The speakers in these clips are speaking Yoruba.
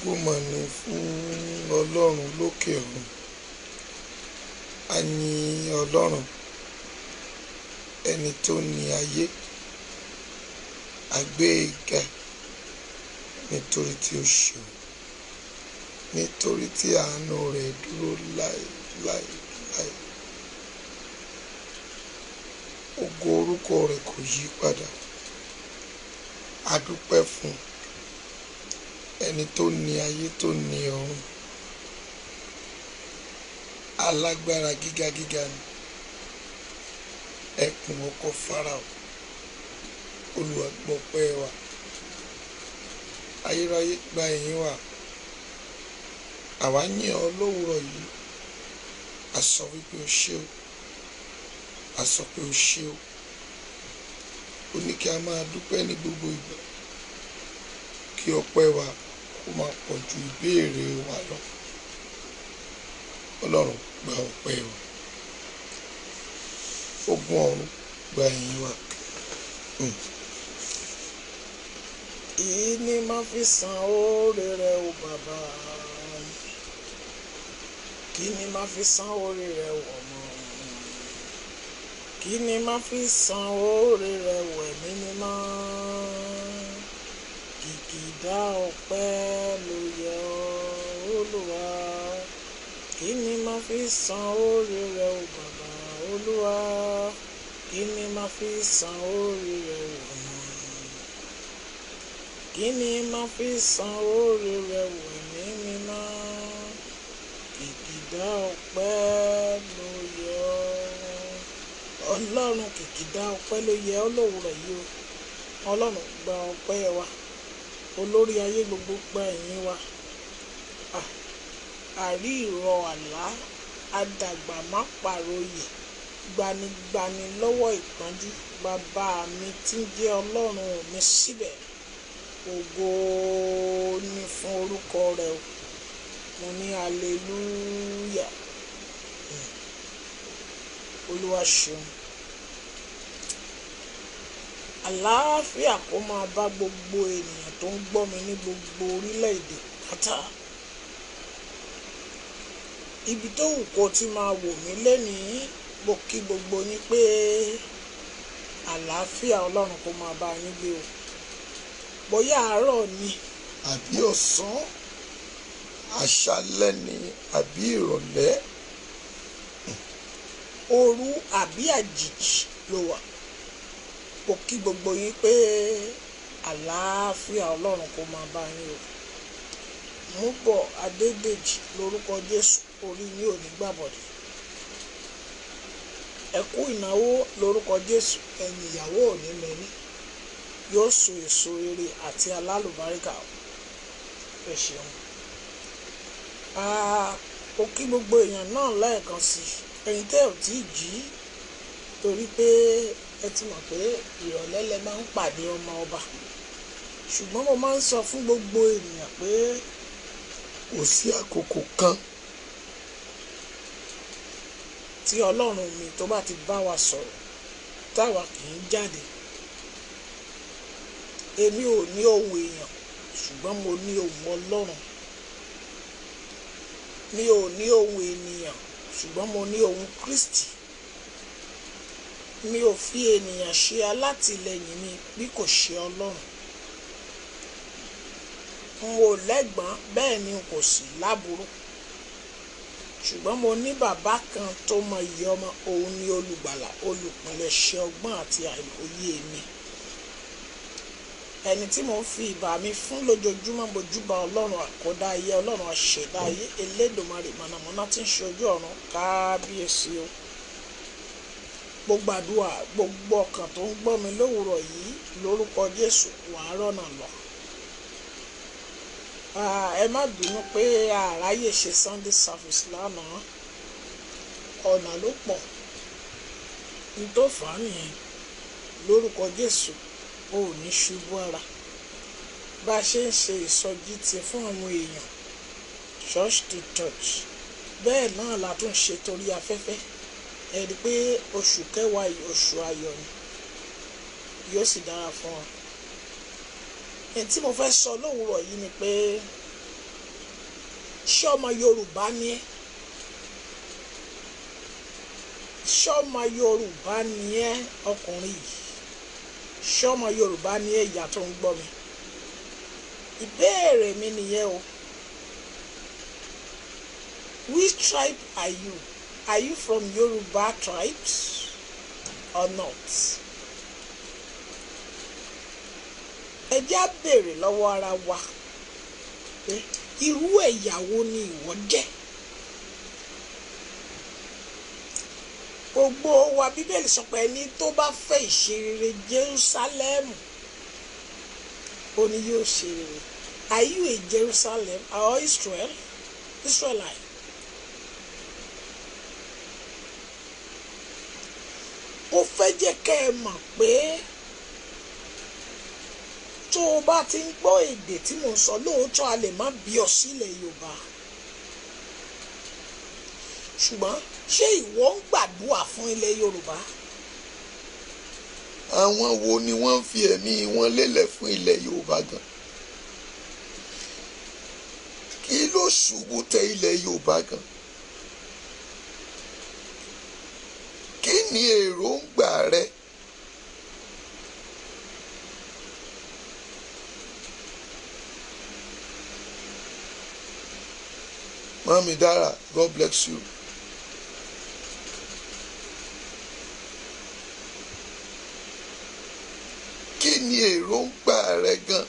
ògo mà ní fún ọlọ́run lókè ọ̀run a yìn ọlọ́run ẹni tó ní ayé a gbé e ga nítorí tí ó ṣeun nítorí tí àánú rẹ̀ dúró láéláéláé ògo orúkọ rẹ̀ kò yí padà a fún un. ẹni tó ní ayé tó ní ọ̀run alágbára gíga gíga ni ẹkùn ọkọ farao olùwàgbọpẹ́ wa ayérayé gba ẹ̀yìn wa àwa yìn ọ lówùúrọ̀ yìí a sọ wípé o se o a sọ pé o se o ó ní kí a máa dúpẹ́ ní gbogbo ìgbà kí ọpẹ́ wa. kó má pọ̀ ju ìbéèrè wa lọ ọlọ́run gba ọpẹ́ wa ogun ọ̀run gba ẹ̀yìn wa hmm. èyí ni má fi san oore rẹ o bàbá kí ni má fi san oore rẹ o ọmọ kí ni má fi san oore rẹ o ẹ̀mí mímọ́. Ọ̀gá ọpẹ́ ló yẹ ọ́ Olúwa. Kí ni màá fi san oore rẹ o bàbá Olúwa? Kí ni màá fi san oore rẹ o ọmọ? Kí ni màá fi san oore rẹ o ẹ̀mí mímọ́? Kìkìdá ọpẹ́ ló yẹ ọ́. Ọlọ́run kìkìdá ọpẹ́ ló yẹ ọ́ yìí o. Ọlọ́run gba ọpẹ́ wa olórí ayé gbogbo gba ẹ̀yìn wa àrí ìrọ̀ àlá àdàgbà má pàròyè gbanigbani lọ́wọ́ ìpọ́njú bàbá mi tí ń jẹ́ ọlọ́run mi síbẹ̀ ògo ni fún orúkọ rẹ̀ o mo ní hallelujah hmm. olúwa ṣeun àlàáfíà kó máa bá gbogbo ènìyàn. tó ń gbọ́ mi ní gbogbo orílẹ̀-èdè pátá ibi tó wù kó ti máa wò mí lénìí mo kí gbogbo yín pé àlàáfíà ọlọ́run kò máa bá yín gbé o bóyá àárọ̀ ni àbí ọ̀sán àṣálẹ́ ni àbí ìrọ̀lẹ́ Oru àbí àjèjì ló wà mo kí gbogbo yín pé. àlàáfíà ọlọ́run kó máa bá yín o múpọ̀ adédèjì lórúkọ jésù orí yín ò ní gbàbọ̀dẹ̀ ẹ̀kú ìnáwó lórúkọ jésù ẹ̀yìn ìyàwó ò ní mẹ́ni yóò so èso rere àti alálùbáríkà ẹ ṣeun ó kí gbogbo èèyàn náà lẹ́ẹ̀kan sí ẹ̀yin tẹ́ ò tí ì jí torí pé ẹ ti mọ̀ pé ìrọ̀lẹ́ máa ń pàdé ọmọ ọba ṣùgbọ́n mo máa ń sọ fún gbogbo ènìyàn pé kò sí àkókò kan tí ọlọ́run mi tó bá ti bá wa sọ̀rọ̀ táwa kì í jáde èmi ò ní ohùn èèyàn ṣùgbọ́n mo ní ohùn ọlọ́run mi ò ní ohùn ènìyàn ṣùgbọ́n mo ní ohùn Kristi mi ò fi ènìyàn ṣe alátìlẹyìn mi bí kò ṣe ọlọ́run n ò lẹ́gbọ́n bẹ́ẹ̀ ni n kò sí láburú ṣùgbọ́n mo ní bàbá kan tó mọ iye ọmọ òun ni olùgbàlà olùpilẹ̀ṣẹ̀ ọgbọ́n àti àìmọye mi ẹni tí mo fi ìbà mi fún lójoojúmọ́ mojúbà ọlọ́run àkọ́dá ayé ọlọ́run àṣẹ̀dá ayé elédòmarè mọ̀nàmọ́ná tí ń ṣojú ọ̀run kábíyèsí o gbogbo àdúrà gbogbo ọkàn tó ń gbọ́ mi lówùrọ̀ yìí lórúkọ jésù wàá rọ̀nà lọ ẹ má bínú pé àráyè ṣe sunday service lánàá ọ̀nà ló pọ̀ ní tó fà á nìyẹn lórúkọ jésù o ò ní ṣubú ara bá a ṣe ń ṣe ìsọjí ti fún àwọn èèyàn church to church bẹ́ẹ̀ náà la tún ṣe torí afẹ́fẹ́ ẹ rí i pé oṣù kẹwàá oṣù ayọ̀ ni yóò sì dára fún ọ èyí tí mo fẹ́ sọ lówùúrọ̀ yìí ni pé ṣé ọmọ Yorùbá ni ẹ́ ṣé ọmọ Yorùbá ni ẹ́ ọkùnrin yìí ṣé ọmọ Yorùbá ni ẹ́ ìyá tó ń gbọ́ mi ìbéèrè mi nìyẹn o which tribe are you are you from Yorùbá tribes or not. ẹ jẹ́ á béèrè lọ́wọ́ ara wa pé irú ẹ̀yà wo ni ìwọ jẹ́ gbogbo wa bíbélì sọ pé ẹni tó bá fẹ́ ìṣerere Jerusalem ó ní yóò ṣe rere are you a Jerusalem or Israel Israelite ó fẹ́ jẹ́ kẹ́ ẹ mọ̀ pé tó o bá ti ń gbọ́ èdè tí mò ń sọ lóòótọ́ a lè má bí ọ sílẹ̀ Yorùbá ṣùgbọ́n ṣé ìwọ ń gbàdúrà fún ilẹ̀ Yorùbá. àwọn wo ni wọ́n ń fi ẹ̀mí wọn lélẹ̀ fún ilẹ̀ Yorùbá gan kí ló ṣubú tẹ ilẹ̀ Yorùbá gan kí ni èròǹgbà rẹ. Mami Dara, God bless you. Kí ni èròǹgbà rẹ gan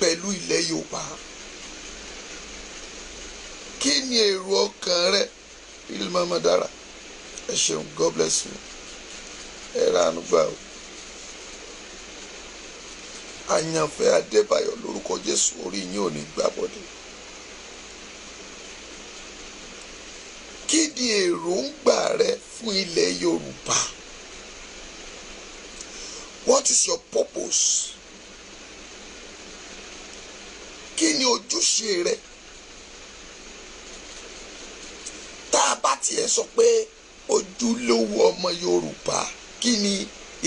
pẹ̀lú ilẹ̀ Yorùbá? Kí ni èrò ọkàn rẹ? Ilé Mami Dara, ẹ ṣeun, God bless you. Ẹ ránu gbà o. Àyànfẹ́ Adébáyọ̀ lórúkọ Jésù orí yín ò ní gbà bọ́dẹ̀. kí ni èròǹgbà rẹ fún ilẹ̀ Yorùbá what is your purpose kí ni ojúṣe rẹ tá a bá tiẹ̀ sọ pé ojúlówó ọmọ Yorùbá kí ni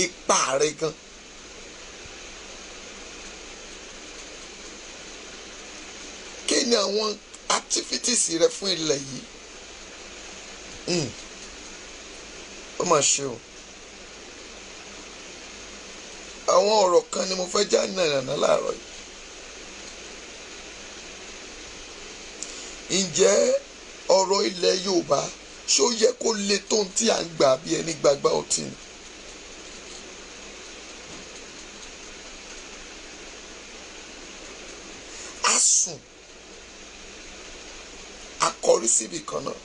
ipa rẹ gan kí ni àwọn activities rẹ fún ilẹ̀ yìí. Hmm. ó mà ṣe o àwọn ọ̀rọ̀ kan ni mo fẹ́ já nànàná láàárọ̀ yìí ǹjẹ́ ọ̀rọ̀ ilẹ̀ Yorùbá ṣó yẹ kó le tó ń tí à ń gbà bí ẹni gbàgbá ọtí ni. a sùn a kọrí síbi kan náà.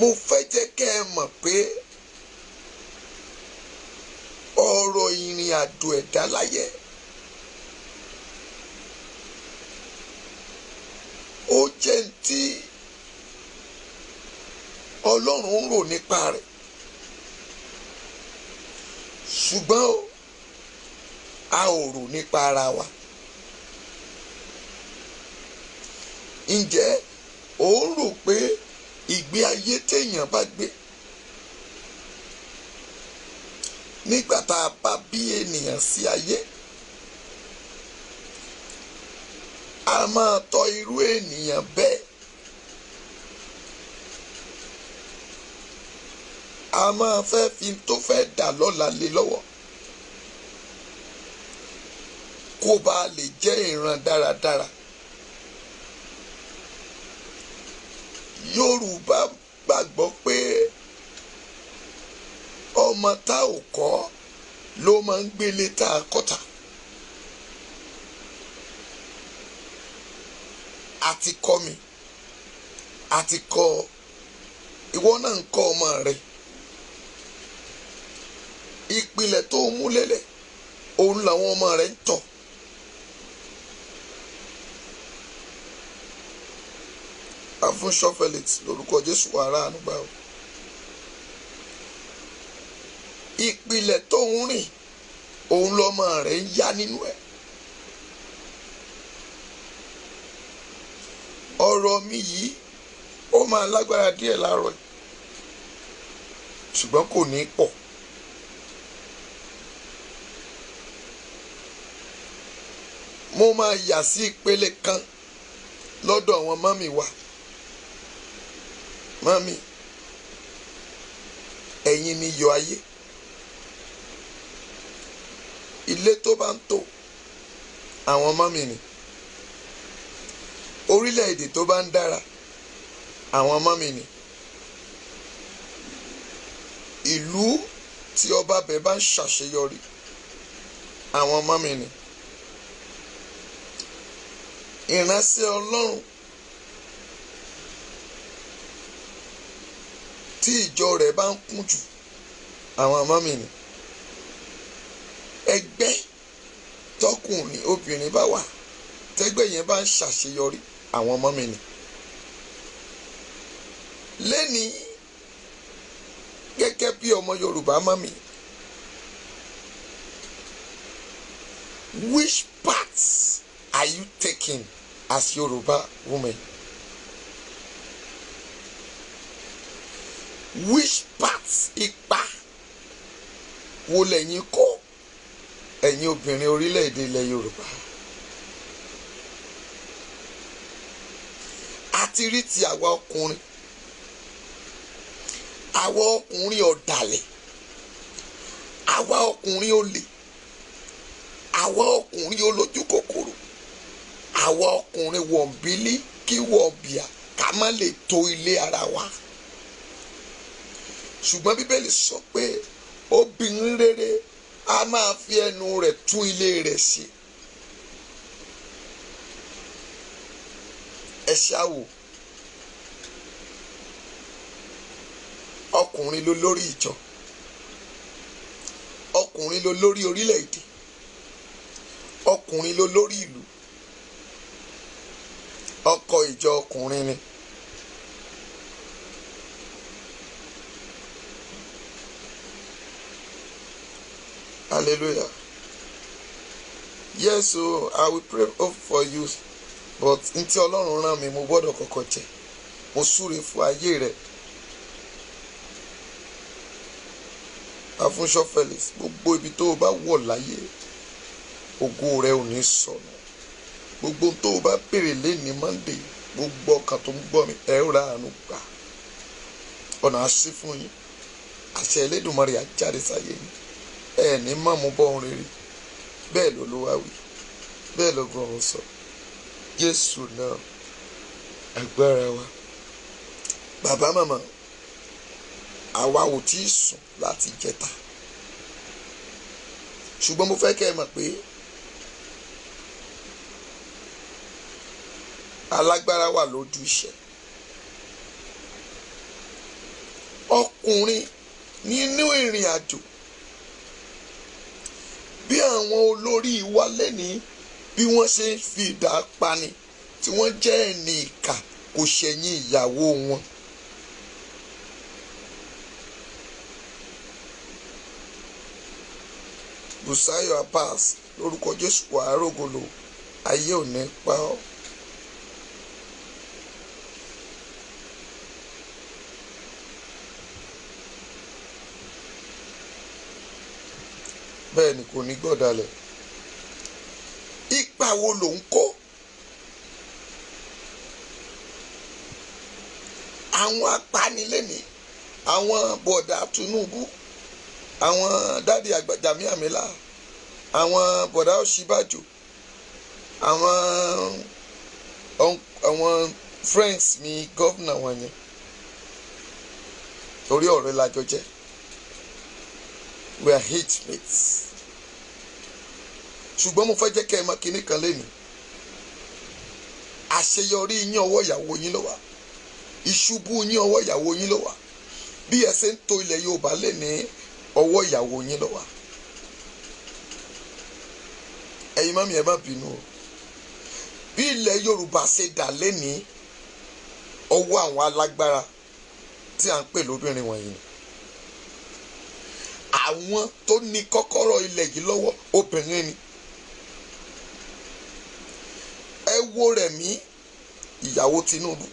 mo fẹ́ jẹ́ kẹ́ ẹ mọ̀ pé ọ̀rọ̀ ìrìn àjò ẹ̀dá láyé ó jẹ́ tí ọlọ́run ń rò nípa rẹ̀ ṣùgbọ́n o a ò rò nípa ara wa ǹjẹ́ o rò pé. ìgbé ayé téèyàn bá gbé nígbà tá a bá bí ènìyàn sí ayé a máa tọ́ irú ènìyàn bẹ́ẹ̀ a máa fẹ́ fi tó fẹ́ dà lọ́la lé lọ́wọ́ kó bá lè jẹ́ ìran dáradára. yorùbá gbàgbọ́ pé ọmọ tá ò kọ́ ló máa ń gbélé tá a kọ́ta àti kọ́ mi àti kọ́ ìwọ náà ń kọ́ ọmọ rẹ ìpìlẹ̀ tó múlẹ̀lẹ̀ òun làwọn ọmọ rẹ ń tọ̀. gbà fún sọfẹlẹtì lórúkọ jésù wà ráàánú gbà o ìpìlẹ̀ tó ń rìn òun lọmọ rẹ̀ ń yá nínú ẹ̀ ọ̀rọ̀ mi yìí ó máa lágbára díẹ̀ láàárọ̀ yìí ṣùgbọ́n kò ní pọ̀ mo máa yà sí ìpele kan lọ́dọ̀ àwọn mọ́mì wa mami ẹ̀yin ni yọ ayé ilé tó bá ń tò àwọn mami ni orílẹ̀-èdè tó bá ń dára àwọn mami ni ìlú tí ọba bẹ bá ń ṣàṣeyọrí àwọn mami ni ìránṣẹ́ ọlọ́run tí ìjọ rẹ̀ bá ń kún jù àwọn ọmọ mi ni ẹgbẹ́ tọkùnrin obìnrin bá wà tẹ́gbẹ́ yẹn bá ń ṣàṣeyọrí àwọn ọmọ mi ni lẹ́ni gẹ́gẹ́ bí ọmọ Yorùbá mọ́ mi which parts are you taking as Yoruba woman? which part ipa wo lẹ́yìn kó ẹ̀yin obìnrin orílẹ̀-èdè ilẹ̀ Yorùbá àti rí ti àwa ọkùnrin àwa ọkùnrin ọ̀dàlẹ̀ àwa ọkùnrin olè àwa ọkùnrin olójú kòkòrò àwa ọkùnrin wọ̀nbílí kí wọ̀nbíà ká má lè tò ilé ara wa ṣùgbọ́n bíbélì sọ pé obìnrin rere a máa fi ẹnu rẹ̀ tún ilé rẹ̀ ṣe ẹ ṣáwò ọkùnrin ló lórí ìjọ ọkùnrin ló lórí orílẹ̀-èdè ọkùnrin ló lórí ìlú ọkọ ìjọ ọkùnrin ni. Hallelujah. Yes, so I will pray for you but nti Ọlọ́run rán mi mo gbọ́dọ̀ kọ́kọ́ jẹ mo súre fún ayé rẹ afúnṣọ Felix gbogbo ibi tó o bá wọ̀ láyé ògo rẹ ò ní sọnù gbogbo tó o bá béèrè lẹ́ni Monday gbogbo ọkàn tó ń gbọ́ mi ẹ ra àánú gbà ọ̀nà àṣì fún yín àṣẹ Elédùmarè á jáde sáyé yín. ẹ ní mọ̀ mú bọ́ ohun rere bẹ́ẹ̀ ló ló wá wí bẹ́ẹ̀ lọ́gbọ́n ọ̀hún sọ Jésù náà agbára wa bàbá màmá àwa ò tí ì sùn láti jẹta ṣùgbọ́n mo fẹ́ kẹ́ ẹ mọ̀ pé alágbára wà lójú iṣẹ́ ọkùnrin nínú ìrìn àjò bí àwọn olórí wa lẹ́nìí bí wọ́n ṣe ń fi idà pani tí wọ́n jẹ́ ẹni ìkà kò ṣẹ̀yìn ìyàwó wọn. Bùsáyọ̀ Abbas lórúkọ Jésù wàá rògbòlò ayé ò ní pa ọ́. bẹ́ẹ̀ ni kò ní gbọ́dalẹ̀ ipa wo ló ń kó àwọn apanilẹ́ni àwọn bọ̀dà Tinubu àwọn dádì Gàní Àmìlà àwọn bọ̀dà Ọ̀ṣínbàjò àwọn àwọn friends mi gọ́vnà wọn yẹn torí ọ̀rẹ́ lájọ jẹ́ were hitmates ṣùgbọ́n mo fẹ́ jẹ́ kẹ́ ẹ mọ̀ kinní kan lẹ́nu àṣeyọrí yín ọwọ́ ìyàwó yín ló wà ìṣubú yín ọwọ́ ìyàwó yín ló wà bí ẹ ṣe ń tò ilẹ̀ Yorùbá lè ní ọwọ́ ìyàwó yín ló wà ẹ̀yin mọ́mí ẹ má bínú o bí ilẹ̀ Yorùbá ṣe dà lẹ́ni ọwọ́ àwọn alágbára tí à ń pè lóbìnrin wọ̀nyí ni àwọn tó ní kọ́kọ́rọ́ ilẹ̀ yìí lọ́wọ́ obìnrin ni ẹ wo Rẹ̀mí ìyàwó Tinubu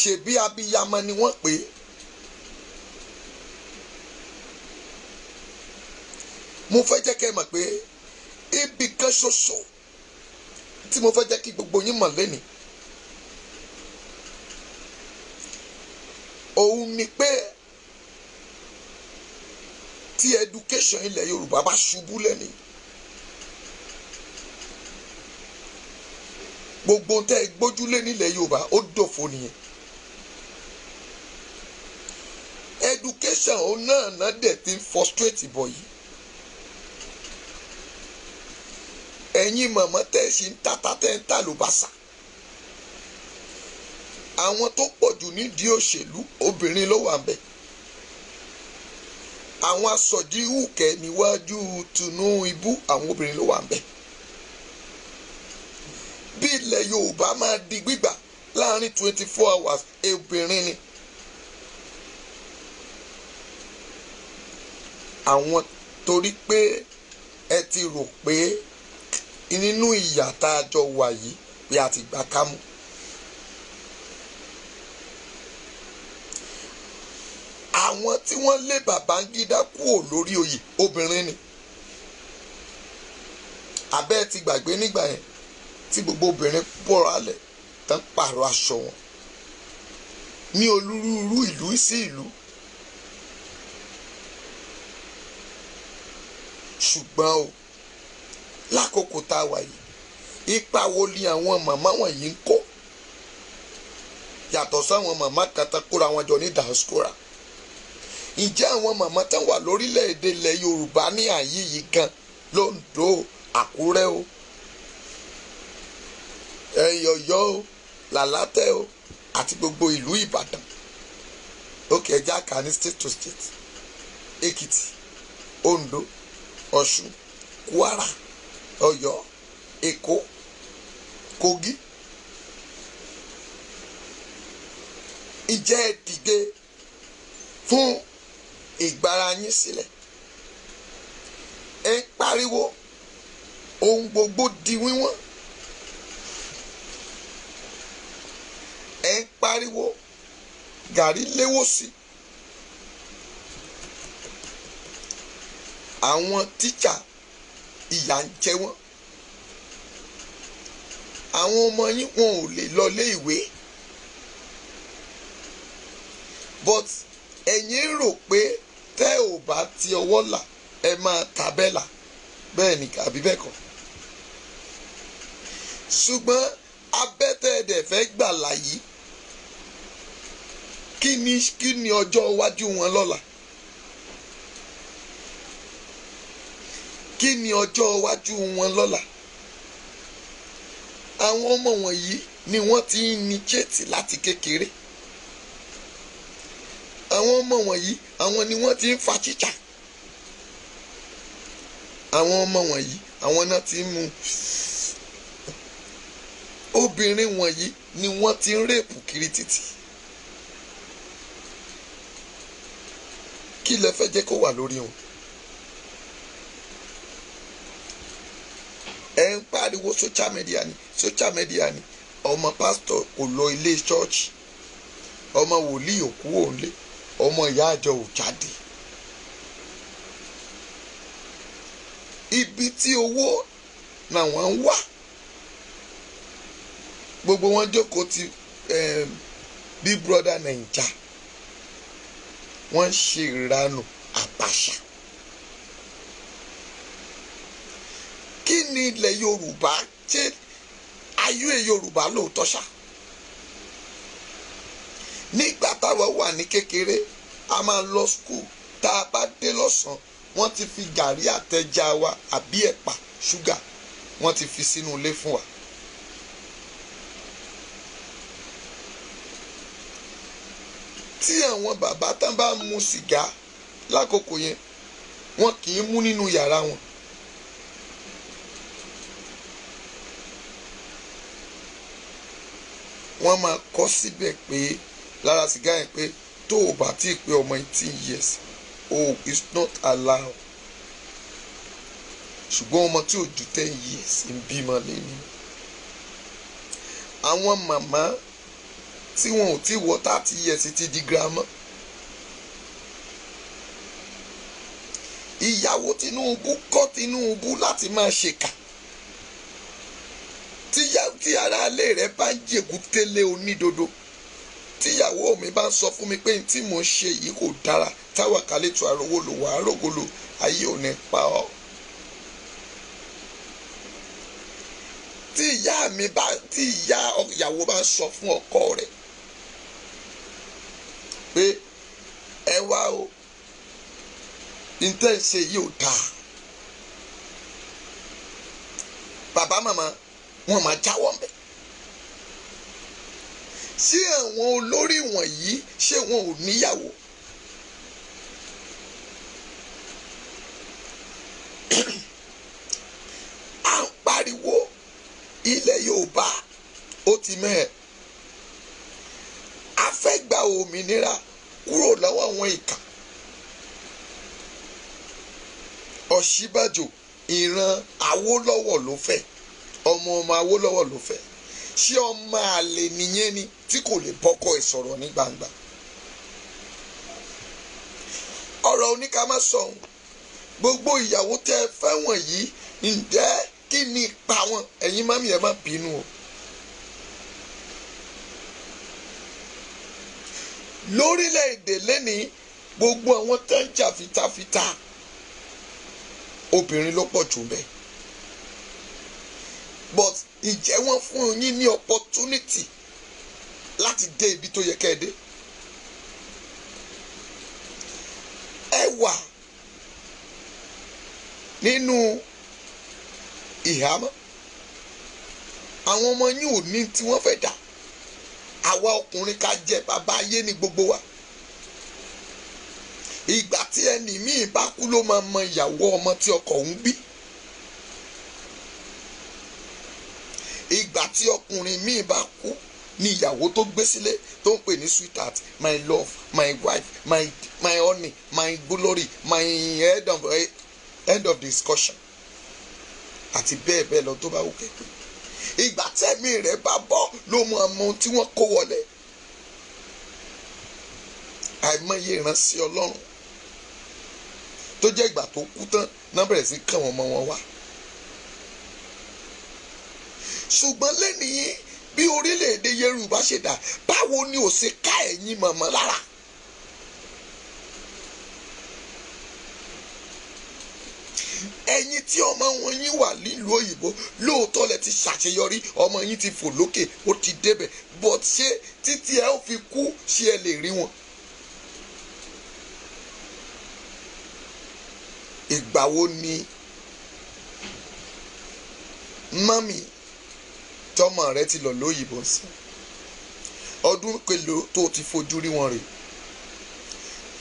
ṣebí abiyamọ ni wọ́n pè é mo fẹ́ jẹ́ kẹ́ ẹ mọ̀ pé ibì kan ṣoṣo tí mo fẹ́ jẹ́ kí gbogbo yín mọ̀ lẹ́nìí òun ni pé tí education ilẹ̀ Yorùbá bá ṣubú lẹ́ni gbogbo tẹ́ ẹ gbójúlé nílẹ̀ Yorùbá ó dòfo nìyẹn education òun náà náà dẹ̀ ti frustrate bọ̀ yìí ẹ̀yin mọ̀mọ́ tẹ́ ṣe ń tata tẹ́ ń ta lùbásà àwọn tó pọ̀ jù nídìí òṣèlú obìnrin ló wà bẹ́ẹ̀ àwọn asọ̀dí ìwùkẹ́ níwájú tùnú ibú àwọn obìnrin ló wà ń bẹ̀. bí ilẹ̀ yorùbá máa di gbígbà láàrin twenty four hours obìnrin ni. àwọn torí pé ẹ ti rò pé nínú ìyà tá a jọ wà yìí pé a ti gbà kámú àwọn tí wọ́n lé Babangida kúrò lórí oyè obìnrin ni abẹ́ ti gbàgbé nígbà yẹn tí gbogbo obìnrin bọ̀rọ̀ alẹ̀ tán pààrọ̀ aṣọ wọn ní olúrúurú ìlú sí ìlú ṣùgbọ́n o lákòókò tá a wà yìí ipa wo ni àwọn màmá wọ̀nyí ń kó yàtọ̀ sáwọn màmá kan tán kóra wọn jọ ní diaspora ǹjẹ́ àwọn màmá tán wà lórílẹ̀‐èdè ilẹ̀ Yorùbá ní àyè yìí gan lóńdó Àkúrẹ́ o ẹ̀yọ̀yọ́ o làlátẹ̀ o àti gbogbo ìlú Ìbàdàn òkè ẹja kà ní state to state Èkìtì Ondo Ọ̀ṣun Kwara Ọ̀yọ́ Èkó Kogi ǹjẹ́ ẹ dìde fún ìgbára yín sílẹ̀ ẹ ń pariwo ohun gbogbo di wíwọ́n ẹ ń pariwo gàrí léwó sí àwọn tíjà ìyà ń jẹ wọ́n àwọn ọmọ yín wọn ò lè lọ lé ìwé but ẹ̀yin rò pé tẹ́ ò bá ti ọwọ́ là ẹ máa tàbẹ́là bẹ́ẹ̀ ni àbí bẹ́ẹ̀ kọ́ ṣùgbọ́n abẹ́tẹ̀ẹ̀dẹ̀ fẹ́ gbà láyé kí ni kí ni ọjọ́ iwájú wọn lọ́la kí ni ọjọ́ iwájú wọn lọ́la àwọn ọmọ wọ̀nyí ni wọ́n ti ń ní chéètì láti kékeré àwọn ọmọ wọ̀nyí àwọn ni wọ́n ti ń fa tíjà àwọn ọmọ wọ̀nyí àwọn náà ti ń mu obìnrin wọ̀nyí ni wọ́n ti ń rèpù kiri títì kí lẹ fẹ́ jẹ́ kó wà lórí wọn. ẹ ń pariwo social media ni social media ni ọmọ pásítọ̀ kò lọ ilé ṣọ́ọ̀ṣì ọmọ wòlíì òkú òǹlé ọmọ ìyá àjọ ò jáde ibi tí owó làwọn ń wá gbogbo wọn jókòó ti um, big brother naija wọ́n ṣe ìranù àbàṣà kí ni ilẹ̀ yorùbá ṣe ayé yorùbá lóòótọ́ ṣáà nígbà táwa wà ní kékeré a máa lọ skul tá a bá dé lọ́sàn-án wọ́n ti fi gàrí àtẹja wa àbí ẹ̀pà ṣúgà wọ́n ti fi sínú ilé fún wa. tí àwọn bàbá tán bá mu sìgá lákòókò yẹn wọn kì í mú nínú yàrá wọn. wọ́n máa kọ síbẹ̀ pé lára sìgá yẹn pé tó o bá ti pé ọmọ eighteen years oh it's not allowed ṣùgbọ́n ọmọ tí ò ju ten years ń bímọ lẹ́nu àwọn màmá tí wọn ò tí wọ thirty years ti di girama ìyàwó Tinubu kọ́ Tinubu láti máa ṣèkà tí ara ilé rẹ̀ bá ń jègútélé onídodo tíyàwó mi bá ń sọ fún mi pé n tí mò ń ṣe yìí kò dára táwa kálẹ̀ tó arówó lò wà á rògbòlò ayé ò ní pa ọ́. tí ìyá mi bá tí ìyá ìyàwó bá ń sọ fún ọkọ rẹ̀ pé ẹ wá o n tẹ́ ń ṣe yìí ò dáa bàbá màmá wọn máa jáwọ́ mbẹ́ ṣé àwọn olórí wọ̀nyí ṣé wọn ò níyàwó. à ń pariwo ilẹ̀ Yorùbá ó ti mẹ́ẹ̀ a fẹ́ gba òmìnira kúrò lọ́wọ́ àwọn ìkà Ọ̀ṣínbàjò ìran Awólọ́wọ̀ ló fẹ́ ọmọ ọmọ Awólọ́wọ̀ ló fẹ́ ṣé ọmọ àlè nìyẹn ni tí kò lè bọ́kọ ẹ̀ ní gbangba ọ̀rọ̀ oníkàmásọ̀hún gbogbo ìyàwó tẹ́ ẹ fẹ́ ǹjẹ́ kí ni ipa wọn ẹ̀yin mami ẹ̀ má bínú o. lórílẹ̀‐èdè lẹ́nìí gbogbo àwọn tó ń jà fitafita obìnrin ló pọ̀ jù bẹ́ẹ̀ but ìjẹ́ wọ́n fún yín ní opportunity láti dé ibi tó yẹ kẹ́ ẹ dé. ẹ wà nínú ìhámọ́ àwọn ọmọ yín ò ní tí wọ́n fẹ́ dà àwa ọkùnrin ká jẹ bàbá ayé ní gbogbo wa ìgbà tí ẹnì míì bá kú ló máa mọ ìyàwó ọmọ tí ọkọ òun bí. ìgbà tí ọkùnrin míì bá kú ni ìyàwó tó gbé sílé tó ń pè ní sweetheart my love my wife my my honey my glory my end of end of discussion àti bẹ́ẹ̀ bẹ́ẹ̀ lọ tó bá wù kẹ́kẹ́ ìgbà tẹ́mi rẹ̀ bá bọ́ ló mọ ọmọ tí wọ́n kó wọlé àìmọye ìránṣẹ́ ọlọ́run tó jẹ́ ìgbà tó kú tán náà bẹ̀rẹ̀ sí kàn wọ́n mọ́ wọn wá ṣùgbọ́n lẹ́nìí bí orílẹ̀-èdè Yorùbá ṣe dà báwo ni ò ṣe ká ẹ̀yin mọ̀mọ́ lára. ẹ̀yin tí ọmọ wọn yín wà nílùú òyìnbó lóòótọ́ lẹ ti ṣàṣeyọrí ọmọ yín ti fò lókè ó ti débẹ̀ but ṣé títí ẹ ó fi kú ṣé ẹ lè rí wọn. ìgbà wo ni mọ́mì tọmọ rẹ ti lọ lóyìnbó sí ọdún kelo tó ti fojú rí wọn rè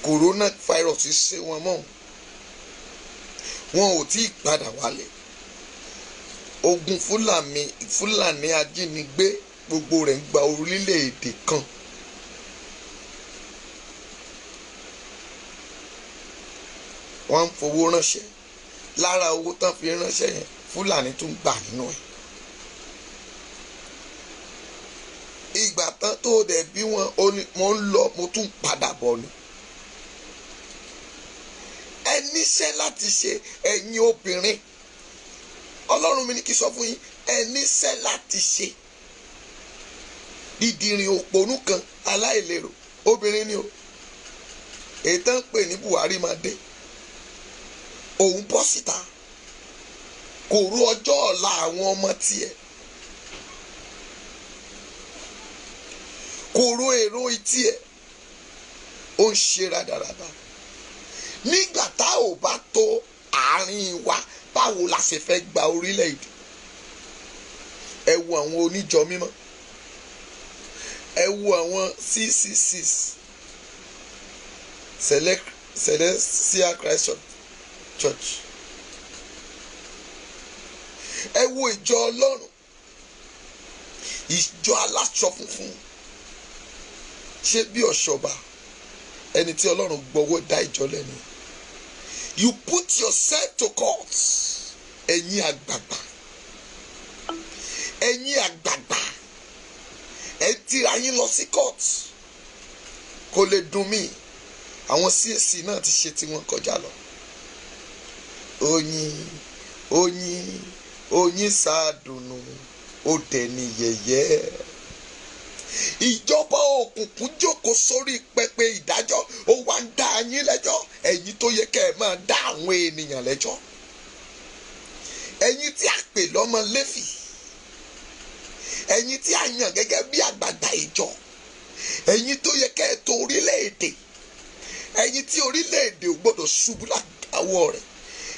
coronavirus ṣe wọn mọ́ wọn ò tí ì padà wálé ogun fúlàní fúlàní ajínigbé gbogbo rẹ̀ ń gba orílẹ̀-èdè kan. wọ́n ń fowó ránṣẹ́ lára owó tán fi ránṣẹ́ yẹn fúlàní tún gbà nínú ẹ̀. ìgbà tán tó dẹ̀ bí wọn ó ní mo ń lọ mo tún padà bọ̀ ni. ẹ níṣẹ́ láti ṣe ẹ̀yin obìnrin ọlọ́run mi ní kí sọ fún yín ẹ níṣẹ́ láti ṣe dídìrín òpònú kan aláìlérò obìnrin ni o èyí tán ń pè ní Buhari máa dé òun bọ́ síta kò rú ọjọ́ ọ̀la àwọn ọmọ tiẹ̀. kò ro èrò etí ẹ̀ ó ń ṣe rádaràda nígbà tá ò bá tó àárín wa báwo la ṣe fẹ́ gba orílẹ̀-èdè ẹ wo àwọn oníjọ mímọ́ ẹ wo àwọn ccc celestial christ church ẹ wo ìjọ ọlọ́run ìjọ aláṣọ funfun ṣé bí ọ̀ṣọ́ba ẹni tí ọlọ́run gbọ́wọ́ dá ìjọ lẹ́nu you put yourself to court ẹ̀yin àgbààgbà ẹ̀yin àgbààgbà ẹ ti yín lọ sí court kò lè dùn mí àwọn CAC náà ti ṣe tiwọn kọjá lọ oyin oyin oyin sáà dùnú ó dẹni yẹ̀yẹ́ ìjọba òkùnkùn jókòó sórí pẹpẹ ìdájọ́ ó wá ń dá yín lẹ́jọ́ ẹ̀yin tó yẹ kẹ́ ẹ máa dá àwọn ènìyàn lẹ́jọ́ ẹ̀yin tí a pè lọ́mọ Léfì ẹ̀yin tí a yàn gẹ́gẹ́ bí àgbàgbà ìjọ ẹ̀yin tó yẹ kẹ́ ẹ tò orílẹ̀-èdè ẹ̀yin tí orílẹ̀-èdè ò gbọ́dọ̀ ṣubú láwọ̀ rẹ̀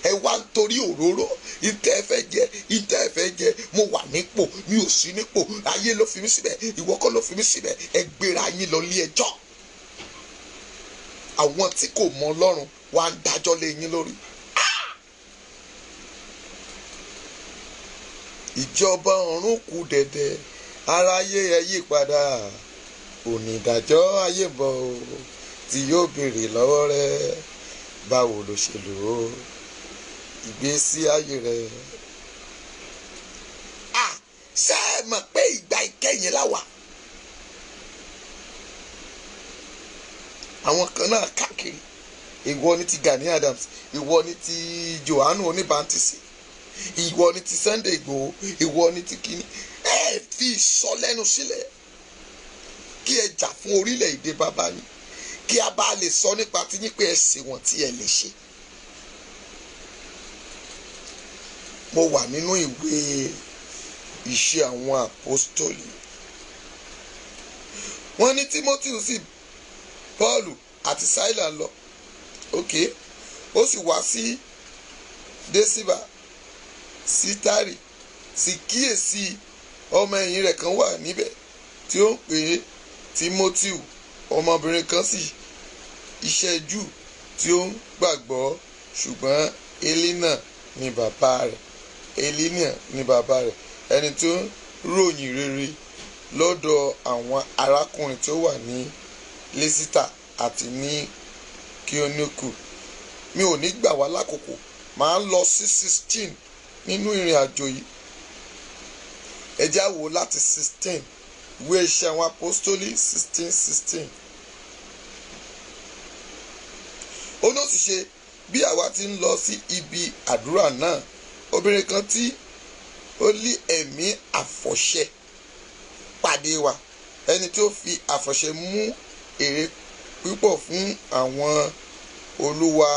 ẹ wá ń torí òróró ìtẹ́ ẹ fẹ́ jẹ ìtẹ́ ẹ fẹ́ jẹ mo wà nípò mi ò sí nípò ayé ló fi mí síbẹ̀ ìwọ kọ́ ló fi mí síbẹ̀ ẹ gbéra yín lọ lé ẹjọ́ àwọn tí kò mọ ọlọ́run wá ń dájọ́ lé yín lórí. ìjọba ọ̀run kù dẹ̀dẹ̀ aráyé ẹ yí padà onídàájọ́ ayé bọ̀ o tí yóò béèrè lọ́wọ́ rẹ báwo ló ṣe lò ó ìgbésí ayé rẹ. à ṣé ẹ mọ̀ pé ìgbà ìkẹyìn la wà. àwọn kan náà káàkiri ìwọ ni ti Gani Adams ìwọ ni ti Jòhánù oníbàntìsì ìwọ ni ti Sunday Ìgbòho ìwọ ni ti kini. ẹ fi ìsọ lẹ́nu sílẹ̀ kí ẹ jà fún orílẹ̀-èdè bàbá yín kí a bá lè sọ nípa tí yín pé ẹ ṣèwọ̀n tí ẹ lè ṣe. mo wà nínú ìwé iṣẹ́ àwọn àpọ́stólì wọ́n ní timothy sì paulu àti sila lọ ok ó sì wá sí desiba sitari sì kíyèsí ọmọ ẹ̀yìn rẹ̀ kan wà níbẹ̀ tí ó ń pè é timothy ọmọbìnrin kan sì iṣẹ́ jù tí ó ń gbàgbọ́ ṣùgbọ́n elena ni bàbá rẹ̀ elenia ni bàbá rẹ̀ ẹni tó ròyìn rere lọ́dọ̀ àwọn arákùnrin tó wà ní lẹ́sítà àti ní kíóníkù mi ò ní gbà wá lákòókò màá lọ sí sixteen nínú ìrìn àjò yìí ẹ já láti sixteen ìwé iṣẹ́ àwọn apostoli sixteen sixteen ó ló sì ṣe bí àwa ti ń lọ sí ibi àdúrà náà obìnrin kan tí ó lé ẹ̀mí àfọ̀ṣẹ pàdé wa ẹni tí ó fi àfọ̀ṣẹ mú èrè púpọ̀ fún àwọn olúwa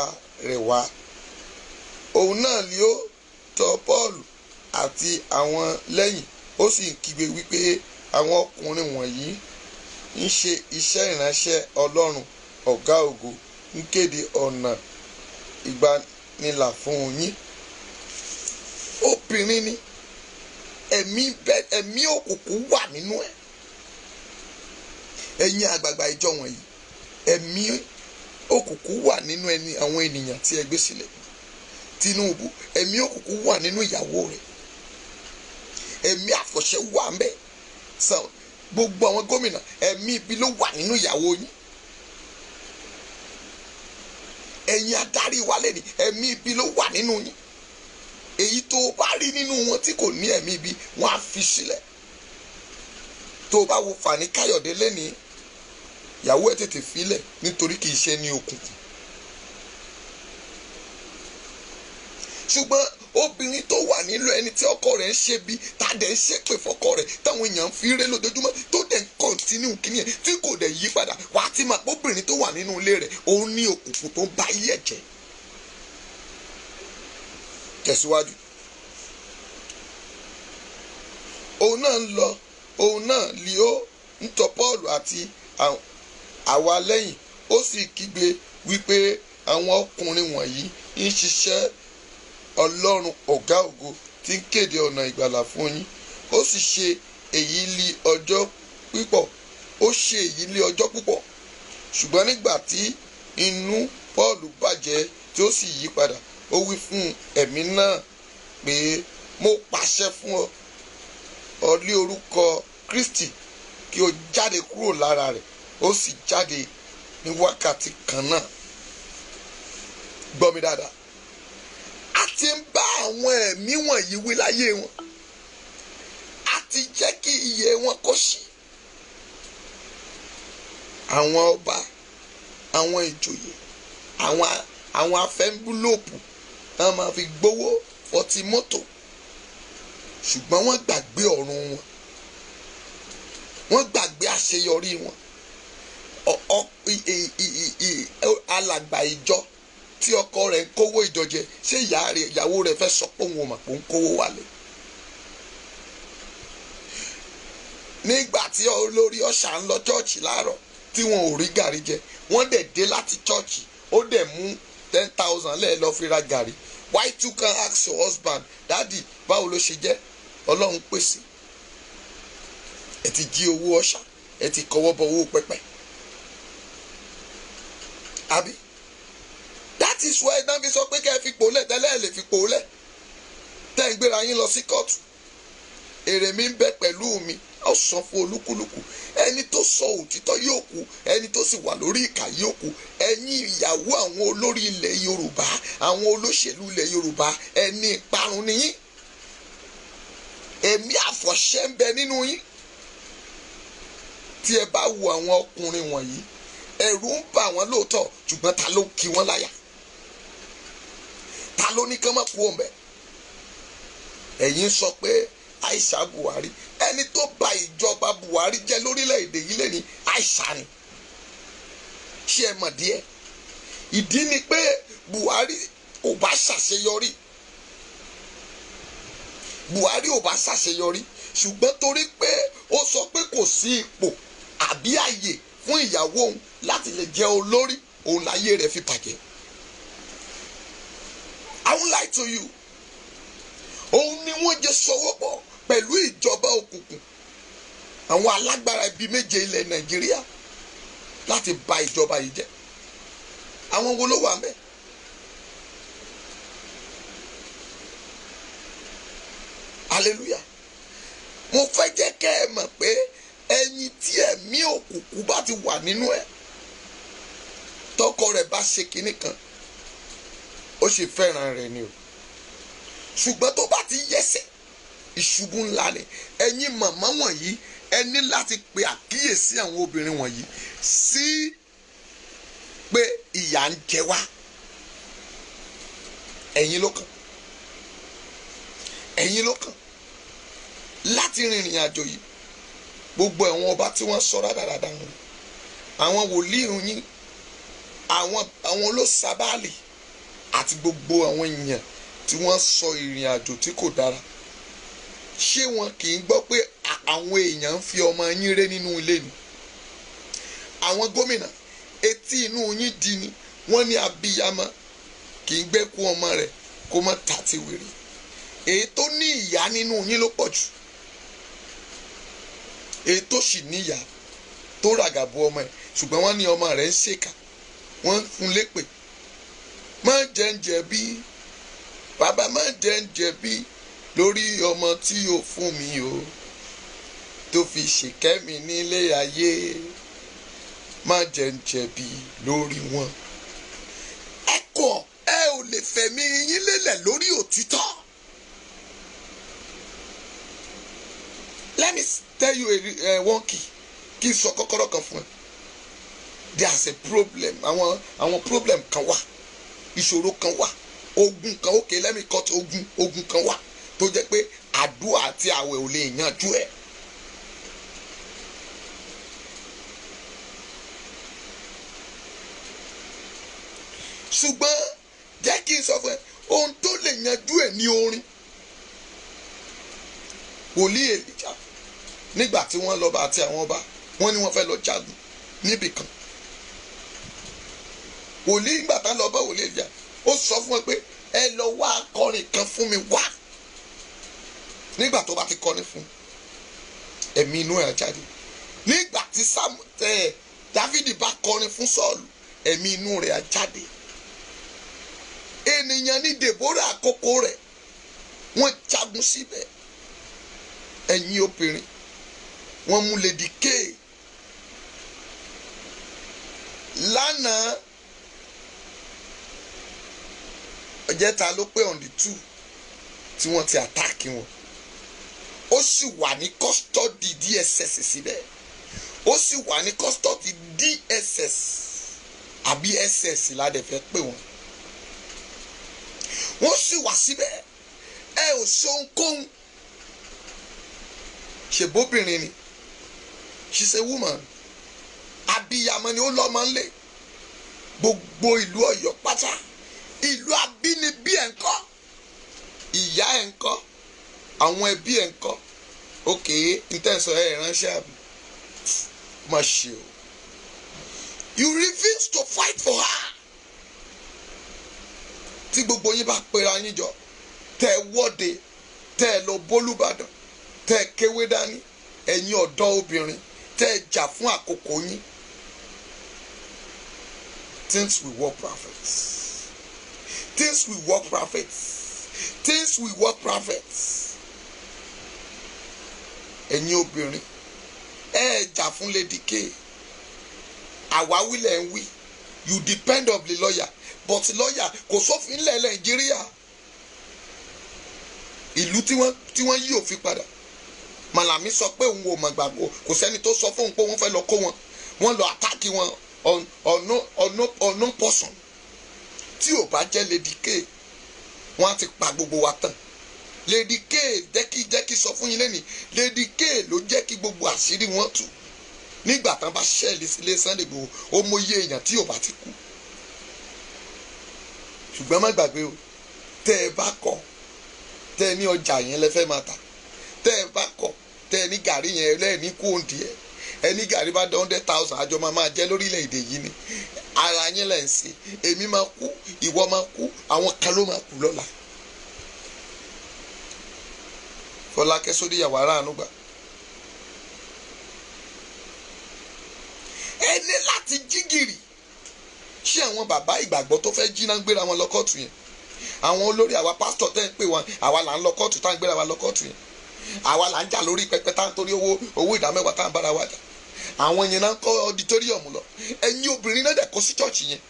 rẹ̀ wá òun náà ni ó tọ̀ Paul àti àwọn lẹ́yìn ó sì ń kígbe wípé àwọn ọkùnrin wọ̀nyí ń ṣe iṣẹ́ ìránṣẹ́ Ọlọ́run ọ̀gá ògo ń kéde ọ̀nà ìgbanilà fún yín obìnrin ni ẹ̀mí bẹ ẹ̀mí òkùnkùn wà nínú ẹ̀ ẹ̀yin àgbààgbà ìjọ wọ̀nyí ẹ̀mí òkùnkùn wà nínú ẹni àwọn ènìyàn tí ẹ gbé sílẹ̀ Tinubu ẹ̀mí òkùnkùn wà nínú ìyàwó rẹ̀ ẹ̀mí àfọ̀ṣẹ wà ń bẹ̀ sàn gbogbo àwọn gómìnà ẹ̀mí ibi ló wà nínú ìyàwó yín ẹ̀yin adarí wa lẹ́nu ẹ̀mí ibi ló wà nínú yín èyí tó o bá rí nínú wọn tí kò ní ẹ̀mí ibi wọn á fi sílẹ̀ tó o bá wo Fani Káyọ̀dé lẹ́ni ìyàwó ẹ̀ tètè filẹ̀ nítorí kì í ṣe ní òkùnkùn ṣùgbọ́n obìnrin tó wà nílò ẹni tí ọkọ rẹ̀ ń ṣe bí tàdé ń ṣépè fọkọ rẹ̀ táwọn èèyàn ń fi ré lójoojúmọ́ tó dẹ̀ ń kọ̀ntínú kíní ẹ̀ tí kò dẹ̀ yí padà wàá ti máa pọ́bìnrin tó wà nínú ilé rẹ̀ òun ní òkùnkùn tó ń ba ilé ẹ̀ jẹ́ tẹ̀síwájú òun náà ń lọ òun náà lè ó ń tọ Pọ́ọ̀lù àti àwa lẹ́yìn ó sì kígbe wípé àwọn ọkùnrin wọ̀nyí ń ṣiṣẹ́ Ọlọ́run ọ̀gá ògo tí ń kéde ọ̀nà ìgbàlà fún yín ó sì ṣe èyí lé ọjọ́ púpọ̀ ó ṣe èyí lé ọjọ́ púpọ̀ ṣùgbọ́n nígbà tí inú Pọ́ọ̀lù bàjẹ́ tí ó sì yí padà ó wí fún ẹ̀mí náà pé mo pàṣẹ fún ọ ọ lé orúkọ Kristi kí o jáde kúrò lára rẹ̀ ó sì jáde ní wákàtí kan náà gbọ́ mi dáadáa a ti ń bá àwọn ẹ̀mí wọ̀nyí wí láyé wọn a ti jẹ́ kí iye wọn kó sí àwọn ọba àwọn ìjòyè àwọn àwọn afẹ́ńbúlòpù tá a máa fi gbowó ọtí mọ́tò ṣùgbọ́n wọ́n gbàgbé ọ̀run wọn wọ́n gbàgbé àṣeyọrí wọn alàgbà ìjọ tí ọkọ rẹ̀ ń kówó ìjọjẹ ṣé ìyàwó rẹ̀ fẹ́ sọ pé òun ò mọ̀ pé ó ń kówó wálé. nígbà tí olórí ọ̀ṣà ń lọ chọ́ọ̀chì láàárọ̀ tí wọn ò rí gàrí jẹ wọ́n dẹ̀ dé láti chọ́ọ̀chì ó dẹ̀ mú ten thousand lẹ́ẹ̀ lọ́ọ́ fi ra gàrí why you can ask your husband dadi báwo ló ṣe jẹ́ ọlọ́run pèsè ẹ ti jí owó ọ̀ṣà ẹ ti kọ́wọ́ bọ owó pẹ́pẹ́ àbí that is why ẹ̀dá fi sọ pé kẹ́ ẹ fi pòólẹ̀ tẹ́lẹ̀ ẹ lè fi pòólẹ̀ tẹ́ ẹ gbéra yín lọ sí kóòtù èrè mi ń bẹ pẹ̀lú mi ọ̀sán fún olúkúlùkù ẹni tó sọ òtítọ́ yóò kú ẹni tó sì wà lórí ìkà yóò kú ẹ̀yin ìyàwó àwọn olórí ilẹ̀ yorùbá àwọn olóṣèlú ilẹ̀ yorùbá ẹni ìparun ni yín èmi àfọ̀ṣẹ́ ń bẹ nínú yín tí ẹ bá wo àwọn ọkùnrin wọ̀nyí ẹ̀rù ń bà wọ́n lóòótọ́ ṣùgbọ́n ta ló kì wọ́n láyà ta ló ní kán má kú òǹbẹ ẹ̀yin sọ pé Aisha Buhari ẹni tó bà ìjọba Buhari jẹ́ lórílẹ̀‐èdè yìí lẹ́ni Aisha ni ṣé ẹ mọ̀ díẹ̀ ìdí ni pé Buhari ò bá ṣàṣeyọrí Buhari ò bá ṣàṣeyọrí ṣùgbọ́n torí pé ó sọ pé kò sí ipò àbí àyè fún ìyàwó òun láti lè jẹ́ olórí òun láyé rẹ̀ fi bàjẹ́ I won't lie to you òun ni wọ́n jẹ sọwọ́pọ̀ pẹ̀lú ìjọba òkùnkùn àwọn alágbára ibi méje ilẹ̀ nàìjíríà láti ba ìjọba yìí jẹ́ àwọn wo ló wà mẹ́. hallelujah mo fẹ́ jẹ́ kẹ́ ẹ mọ̀ pé ẹni tí ẹ̀mí òkùnkùn bá ti wà nínú ẹ̀ tọkọ rẹ̀ bá ṣe kinní kan ó ṣe fẹ́ràn rẹ̀ ni o ṣùgbọ́n tó bá ti yẹsẹ̀ ìṣubú ńlá ni ẹ̀yin màmá wọ̀nyí ẹ ní láti pe àkíyèsí àwọn obìnrin wọ̀nyí sí pé ìyà ń jẹ wá ẹ̀yin ló kàn ẹ̀yin ló kàn láti rìnrìn àjò yìí gbogbo àwọn ọba tí wọ́n sọ rádaràda wọn àwọn wòlíì yín àwọn àwọn olóṣàbálì àti gbogbo àwọn èèyàn tí wọ́n sọ ìrìn àjò tí kò dára ṣé wọn kì í gbọ́ pé àwọn èèyàn ń fi ọmọ yín ré nínú ilé ni àwọn gómìnà etí inú yín di ni wọ́n ní abiyamọ kì í gbẹ́kú ọmọ rẹ̀ kó má tàti wèrè èyí tó ní ìyá nínú yín ló pọ̀ jù èyí tó sì níyà tó ràgàbọ ọmọ ẹ̀ ṣùgbọ́n wọ́n ní ọmọ rẹ̀ ń ṣèkà wọ́n ń fún lépè má jẹ́ ń jẹ̀bi bàbá má jẹ́ ń jẹ̀bi lórí ọmọ tí o fún mi o tó fi ṣìkẹ́ mi nílé ayé má jẹ́ n jẹ̀bi lórí wọn. ẹ kọ̀ ẹ ò lè fẹ̀mí yín lélẹ̀ lórí òtítọ́. let me tell you a, eh, one key kí n sọ kọ́kọ́rọ́ kan fún ẹ there's a problem àwọn àwọn problem kan wà ìṣòro kan wà ogun kan okay let me cut ogun ogun kan wà tó jẹ́ pé àdúrà àti àwẹ̀ ò lè yanjú ẹ̀. ṣùgbọ́n jẹ́ kí n sọ fún ẹ ohun tó lè yanjú ẹ̀ ní orin wòlíì èlìjà nígbà tí wọ́n lọ́ba àti àwọn ọba wọ́n ní wọ́n fẹ́ lọ jagun níbìkan wòlíì ìgbà tá lọ́ba wòlíì èlìjà ó sọ fún wọn pé ẹ lọ wá akọrin kan fún mi wá nígbà tó bá ti kọrin fún ẹ̀mí inú ẹ̀ jáde nígbà tí dávidi bá kọrin fún sọ́ọ̀lù ẹ̀mí inú rẹ̀ á jáde ènìyàn ní dèbórà àkókò rẹ̀ wọ́n jagun síbẹ̀ ẹ̀yin obìnrin wọ́n mú lady k lánàá ọjẹ́ta ló pé on the two tí wọ́n ti àtáàkì wọn ó sì wà ní custody DSS síbẹ̀ ó sì wà ní custody DSS àbí SS ládẹ̀ fẹ́ pè wọ́n wọ́n sì wà síbẹ̀ ẹ ò ṣe ohunkóhun ṣèbóbìnrin ni she's a woman abiyamọ ni ó lọ́mọ ńlẹ̀ gbogbo ìlú Ọ̀yọ́ pátá ìlú abínibí ẹ̀ ńkọ́ ìyá ẹ̀ ńkọ́ àwọn ẹbí ẹ̀ ń kọ́ òkè ntẹ̀sán ẹ̀ ránṣẹ́ àbí má ṣe o you refuse to fight for her tí gbogbo yín bá pera yín jọ tẹ ẹ wọ́de tẹ ẹ lọ bólúbàdàn tẹ ẹ kéwé dání ẹ̀yin ọ̀dọ́ obìnrin tẹ ẹ jà fún àkókò yín things will work prophets things will work prophets things will work prophets ẹ̀yin obìnrin ẹ jà fún Lady K àwáwí lẹ̀ ń wí you depend on the lawyer but lawyer kò sófin lẹ̀ Nàìjíríà ìlú tí wọ́n yí òfin padà Malami sọ pé òun ò mọ̀ gbàgbọ́ kò sẹ́ni tó sọ fóun pé òun fẹ́ lọ kó wọn wọ́n lọ àtàkì wọn ọ̀nà ọ̀nà ọ̀nà pọ̀sùn tí ò bá jẹ́ Lady K wọ́n á ti pa gbogbo wa tán Lady K jẹ́kíjẹ́kí sọ fún yín lẹ́nìí Lady K ló jẹ́ kí gbogbo àṣírí wọn tú nígbà tán bá ṣẹ́ẹ̀lì sílé Sunday Igboho ó mọyé èèyàn tí ò bá ti kú ṣùgbọ́n má gbàgbé o tẹ́ ẹ bá kọ̀ tẹ́ ẹ ní ọjà yẹn lẹ́fẹ́ máa tà tẹ́ ẹ bá kọ̀ tẹ́ ẹ ní gàrí yẹn lẹ́ẹ̀ní kú òǹdí ẹ ẹ gàrí bá dán hundred thousand àjọ máa máa jẹ́ lórílẹ̀‐èdè yìí ni ara yín lẹ́ ń ṣe èmi máa kú ìwọ máa kú àwọn kan ló máa kú lọ́la. fọlákẹ́ sódìyàwó aráàánú gbà. ẹ ní láti jígìrì ṣé àwọn bàbá ìgbàgbọ́ tó fẹ́ jí náà ń gbéra wọn lọ kóòtù yẹn àwọn olórí àwa pásítọ̀ tẹ́ ń pè wọn àwa là ń lọ kóòtù tá ń gbéra wa lọ kóòtù yẹn àwa là ń jà lórí pẹpẹ tá ń torí owó owó ìdámẹ́wàá tá ń bára wa jà àwọn yẹn náà ń kọ́ ọditóríọ̀mù lọ ẹ̀yin obìnrin náà dẹ̀ kó sí chọ́ọ̀chì yẹn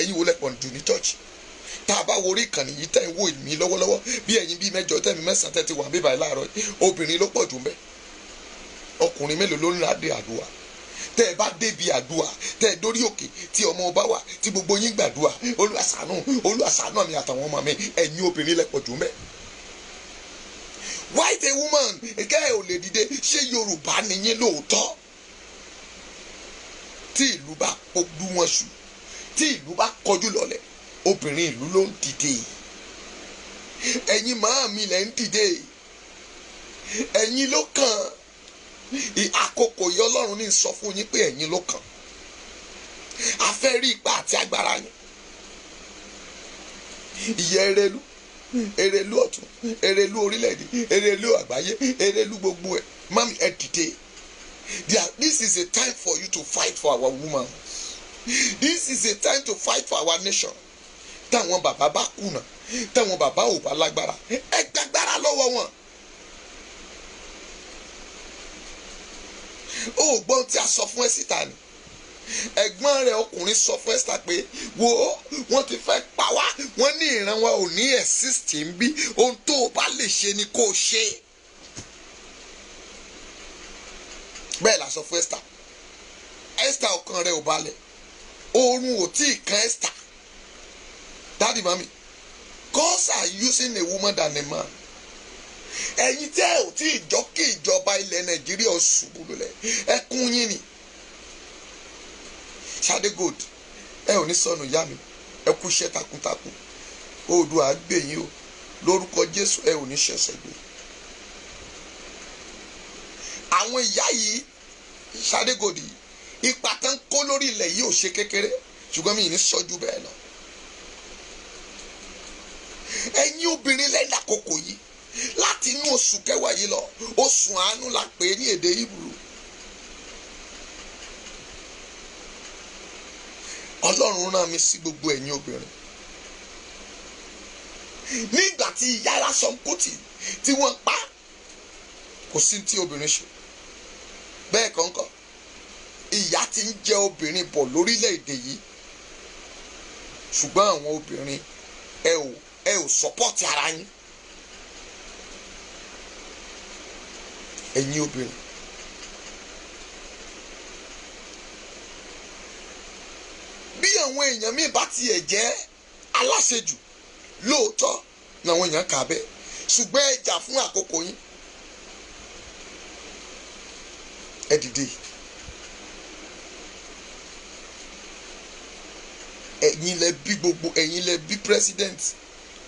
ẹ̀yin wo lẹ́pọ̀ ń dùn ní chọ́ọ̀chì tá a bá wo orí ìkànnì yìí tẹ̀ ń wo ìmí lọ́wọ́lọ́wọ́ bí ẹ̀yin bíi mẹ́jọ tẹ̀mí mẹ́sàn-án tẹ́tí wà bíbáyìí láàárọ̀ obìnrin ló pọ̀ jù mẹ́ ọkùnrin mélòó ló ń ra dé àdúrà tẹ́ ẹ bá débi àdúrà tẹ́ ẹ dórí òkè tí ọmọ ọba wà tí gbogbo yín gbàdúrà Olúwa ṣàánú mi àtàwọn ọmọ mi ẹ̀yin obìnrin lẹ pọ̀ jù mẹ́ why the woman kẹ́ ẹ̀ ò lè dìde ṣé Yorùbá nìyẹn lóòótọ́ tí ìlú bá kọjú wọn sùn tí ìlú bá kọjú lọlẹ̀ obìnrin ìlú ló ń dìde ẹ̀yin màámi lẹ̀ ń dìde ẹ̀yin ló kàn àkókò yìí ọlọ́run ní sọ fún yín pé ẹ̀yin ló kàn a fẹ́ rí ipa àti agbára yín ìyẹ́ erelu erelu ọ̀tún erelu orílẹ̀-èdè erelu àgbáyé erelu gbogbo ẹ̀ mami ẹ dìde this is a time for you to fight for our women. this is a time to fight for our nation táwọn bàbá bá kùnà táwọn bàbá ò bá lágbára ẹ gbàgbára lọ́wọ́ wọn. ó gbọ́n tí a sọ fún ẹ síta ni ẹ̀gbọ́n rẹ̀ ọkùnrin sọ fún ẹ́sítà pé wo wọ́n ti fẹ́ pa wá wọ́n ní ìran wa ò ní ẹ̀sìtì ń bí ohun tó o bá lè ṣe ni kó o ṣe. bẹ́ẹ̀ la sọ fún ẹ́sítà ẹ́sítà ọkàn rẹ̀ ò balẹ̀ oorun ò tí ì kan ẹ́sítà dáàdì mami gods are using a woman than a man ẹ̀yin tẹ́ ò tí ìjọ kí ìjọba ilẹ̀ nàìjíríà ó ṣubú lulẹ̀ ẹ kún yín ni Ṣadé Gold ẹ ò ní sọnù ìyá mi ẹ kú iṣẹ́ takuntakun Oòduà á gbè yín o lórúkọ Jésù ẹ ò ní ṣẹ̀ṣẹ̀ gbé àwọn ìyá yìí Ṣadé Gold yìí ipa tán kó lórí ilẹ̀ yìí ò ṣe kékeré ṣùgbọ́n mi ì ní sọ́jú bẹ́ẹ̀ náà ẹ̀yin obìnrin lẹ́yìn àkókò yìí láti inú oṣù kẹwàá yìí lọ oṣù àánú la pè é ní èdè Híbrù Ọlọ́run rán mi sí gbogbo ẹ̀yin obìnrin nígbà tí ìyára sọ̀nkútì tí wọ́n pa kò sí tí obìnrin ṣe bẹ́ẹ̀ kọ́ńkọ́ ìyà tí ń jẹ obìnrin bọ̀ lórílẹ̀‐èdè yìí ṣùgbọ́n àwọn obìnrin ẹ ò ẹ ò sọpọ́tì ara yín ẹ̀yin obìnrin bí àwọn èèyàn míì bá tiẹ̀ jẹ́ aláṣejù lóòótọ́ làwọn èèyàn kà bẹ́ẹ̀ ṣùgbọ́n ẹ jà fún àkókò yín ẹ dìde ẹ̀yin lẹ bí gbogbo ẹ̀yin lẹ bí president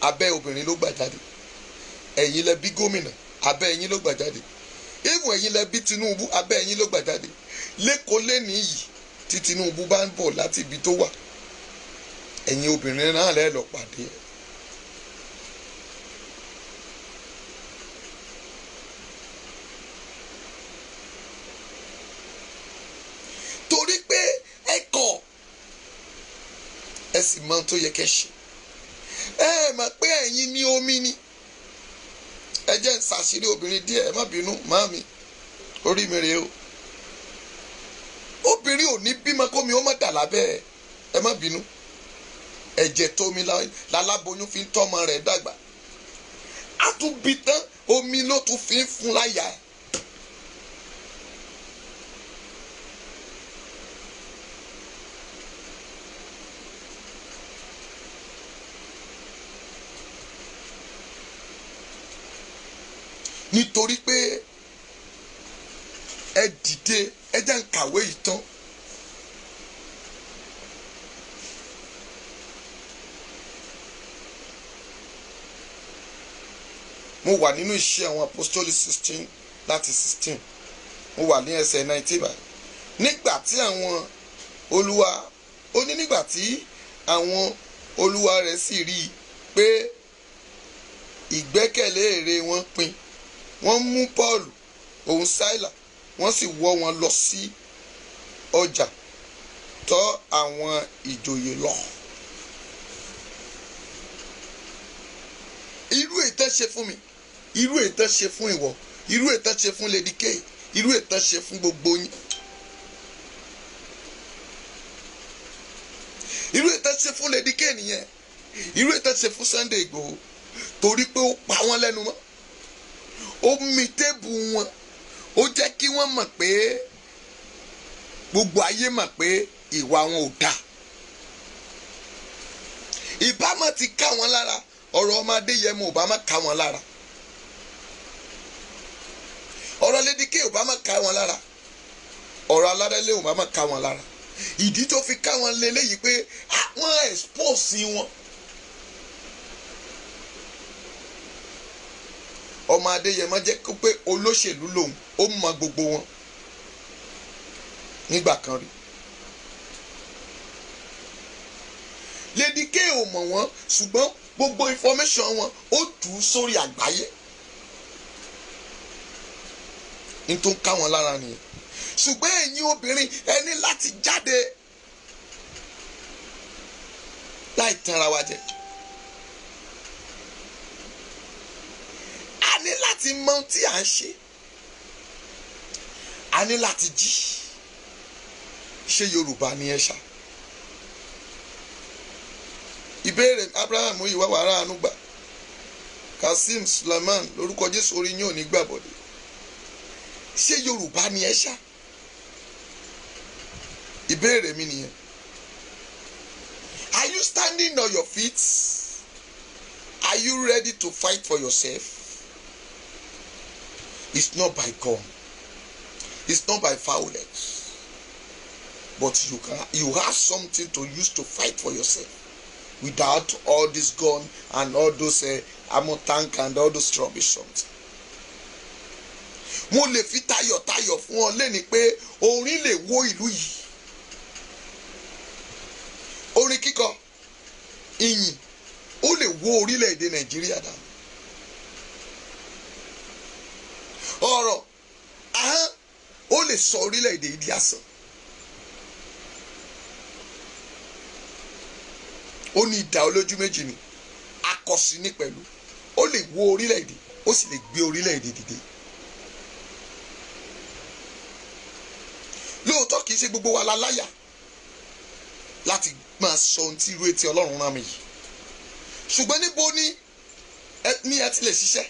abẹ́ obìnrin ló gbà jáde ẹ̀yin lẹ bí gómìnà abẹ́ ẹ̀yin ló gbà jáde even ẹ̀yin lẹ bí Tinubu abẹ́ ẹ̀yin ló gbà jáde lẹ́kọ̀ọ́ lẹ́ni yìí tí Tinubu bá ń bọ̀ láti ibi tó wà ẹ̀yin obìnrin náà lẹ́ lọ pàdé ẹ̀. torí pé ẹ kọ̀ ẹ sì mọ ohun tó yẹ kẹ́ ṣe ẹ mọ̀ pé ẹ̀yin ní omi ni ẹ jẹ́ ń ṣàṣírí obìnrin díẹ̀ ẹ má bínú màámi orí mi rèé o obìnrin ò ní bímọ mi ó má dà lábẹ́ ẹ ẹ má bínú ẹ̀jẹ̀ tómi laláboyún fi ń ọmọ rẹ̀ dàgbà á tún bí tán omi ló tún fi ń fún láyà ẹ̀ nítorí pé ẹ dìde ẹ jẹ́ ń kàwé yìí tán. mo wà nínú iṣẹ́ àwọn apostoli sixteen láti sixteen mo wà ní ẹsẹ̀ nineteen báyìí nígbà tí àwọn olúwa ó ní nígbà tí àwọn olúwa rẹ̀ sì rí i pé ìgbẹ́kẹ̀lé èrè wọn pin wọ́n mú paul òun sáìlà wọ́n sì wọ́ wọn lọ sí ọjà tọ́ àwọn ìjòyè lọ. irú ètò ṣe fún mi irú ètò ṣe fún ìwọ irú ètò ṣe fún lady k irú ètò ṣe fún gbogbo yín. irú ètò ṣe fún lady k nìyẹn irú ètò ṣe fún Sunday Igboho torí pé ó pa wọ́n lẹ́nu mọ́ ó mi téèbù wọn ó jẹ́ kí wọ́n mọ̀ pé gbogbo ayé mọ̀ pé ìwà wọn ò dáa ìbámu ti ká wọn lára ọ̀rọ̀ ọmọdé yẹmu ò bá má ká wọn lára ọ̀rọ̀ lédíkè ò bá má ká wọn lára ọ̀rọ̀ aládẹ́lẹ́ ò bá má ká wọn lára ìdí tó fi ká wọn lélẹ́yìí pé ah, wọ́n expose wọn. Si ọmọ adéyẹmọ jẹ́ pé olóṣèlú lòun ó mọ gbogbo wọn nígbà kan rí Lady K ò mọ̀ wọ́n ṣùgbọ́n gbogbo information wọn ó tù ú sórí àgbáyé ní tó ń ká wọn lára nìyẹn ṣùgbọ́n ẹ̀yin obìnrin ẹ láti jáde láì tanra wa ní láti mọ ohun tí à ń ṣe a ní láti jí ṣé yorùbá ni ẹ ṣá ìbéèrè abraham ìwà wàrà àánú gbà suleiman lórúkọ jésù orí yín ní gbàbọdè ṣé yorùbá ni ẹ ṣá ìbéèrè mi nìyẹn are you standing on your feet are you ready to fight for yourself It's not by gun. It's not by violence. But you can you have something to use to fight for yourself without all this gun and all those uh, ammo tank and all those rubbish something. mo lè fi tayọ̀tayọ̀ fún ọ lẹ́ni pé orin lè wó ìlú yìí orin kíkọ ìyìn ó lè wó orílẹ̀-èdè nàìjíríà dànù sọ orílẹ̀-èdè yìí di asán ó ní idà olójú méjì ni akọ̀sí ní pẹ̀lú ó lè wó orílẹ̀-èdè ó sì lè gbé orílẹ̀-èdè dìde. lóòótọ́ kìí ṣe gbogbo wa la láyà láti máa sọ ohun tí irú etí ọlọ́run rán mi yìí ṣùgbọ́n níbo ni ní ẹ ti lè ṣiṣẹ́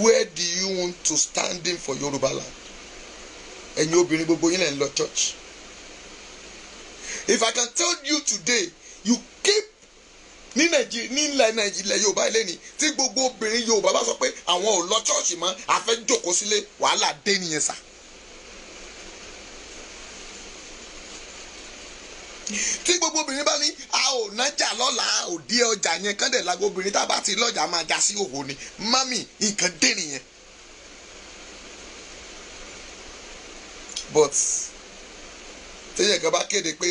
where do you want to stand in for Yorùbá land ẹ̀yin obìnrin gbogbo yín lẹ̀ ń lọ church if i can tell you today you keep ní nàìjíríà ní ilẹ̀ nàìjíríà yorùbá ilé ni tí gbogbo obìnrin yorùbá bá sọ pé àwọn ò lọ church mọ́ àfẹ́ jókòó sílé wàhálà dé nìyẹn sà. tí gbogbo obìnrin bá ní a ò nájà lọ́la òdi ọjà yẹn kán dẹ̀ lágbo obìnrin tá a bá ti lọ́jà máa já sí òwò ni mami nǹkan dé nìyẹn. but téèyàn kan bá kéde pé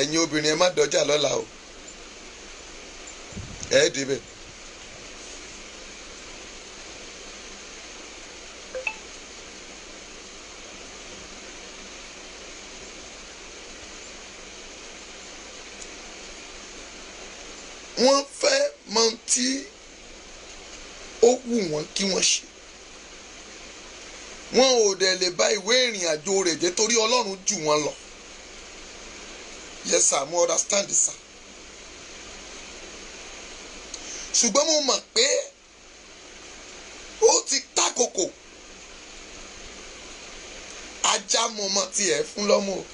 ẹ̀yin obìnrin ẹ má dọjà lọ́la o ẹ̀ débẹ̀. wọ́n fẹ́ mọ tí ó wù wọ́n kí wọ́n ṣe wọn ò dẹ̀ lè bá ìwé ìrìn àjò rẹ̀ jẹ́ torí ọlọ́run jù wọ́n lọ yes sir mo understand sir ṣùgbọ́n mo mọ̀ pé ó ti tákòkò ajá mọ ọmọ tiẹ̀ fún lọ́mọ o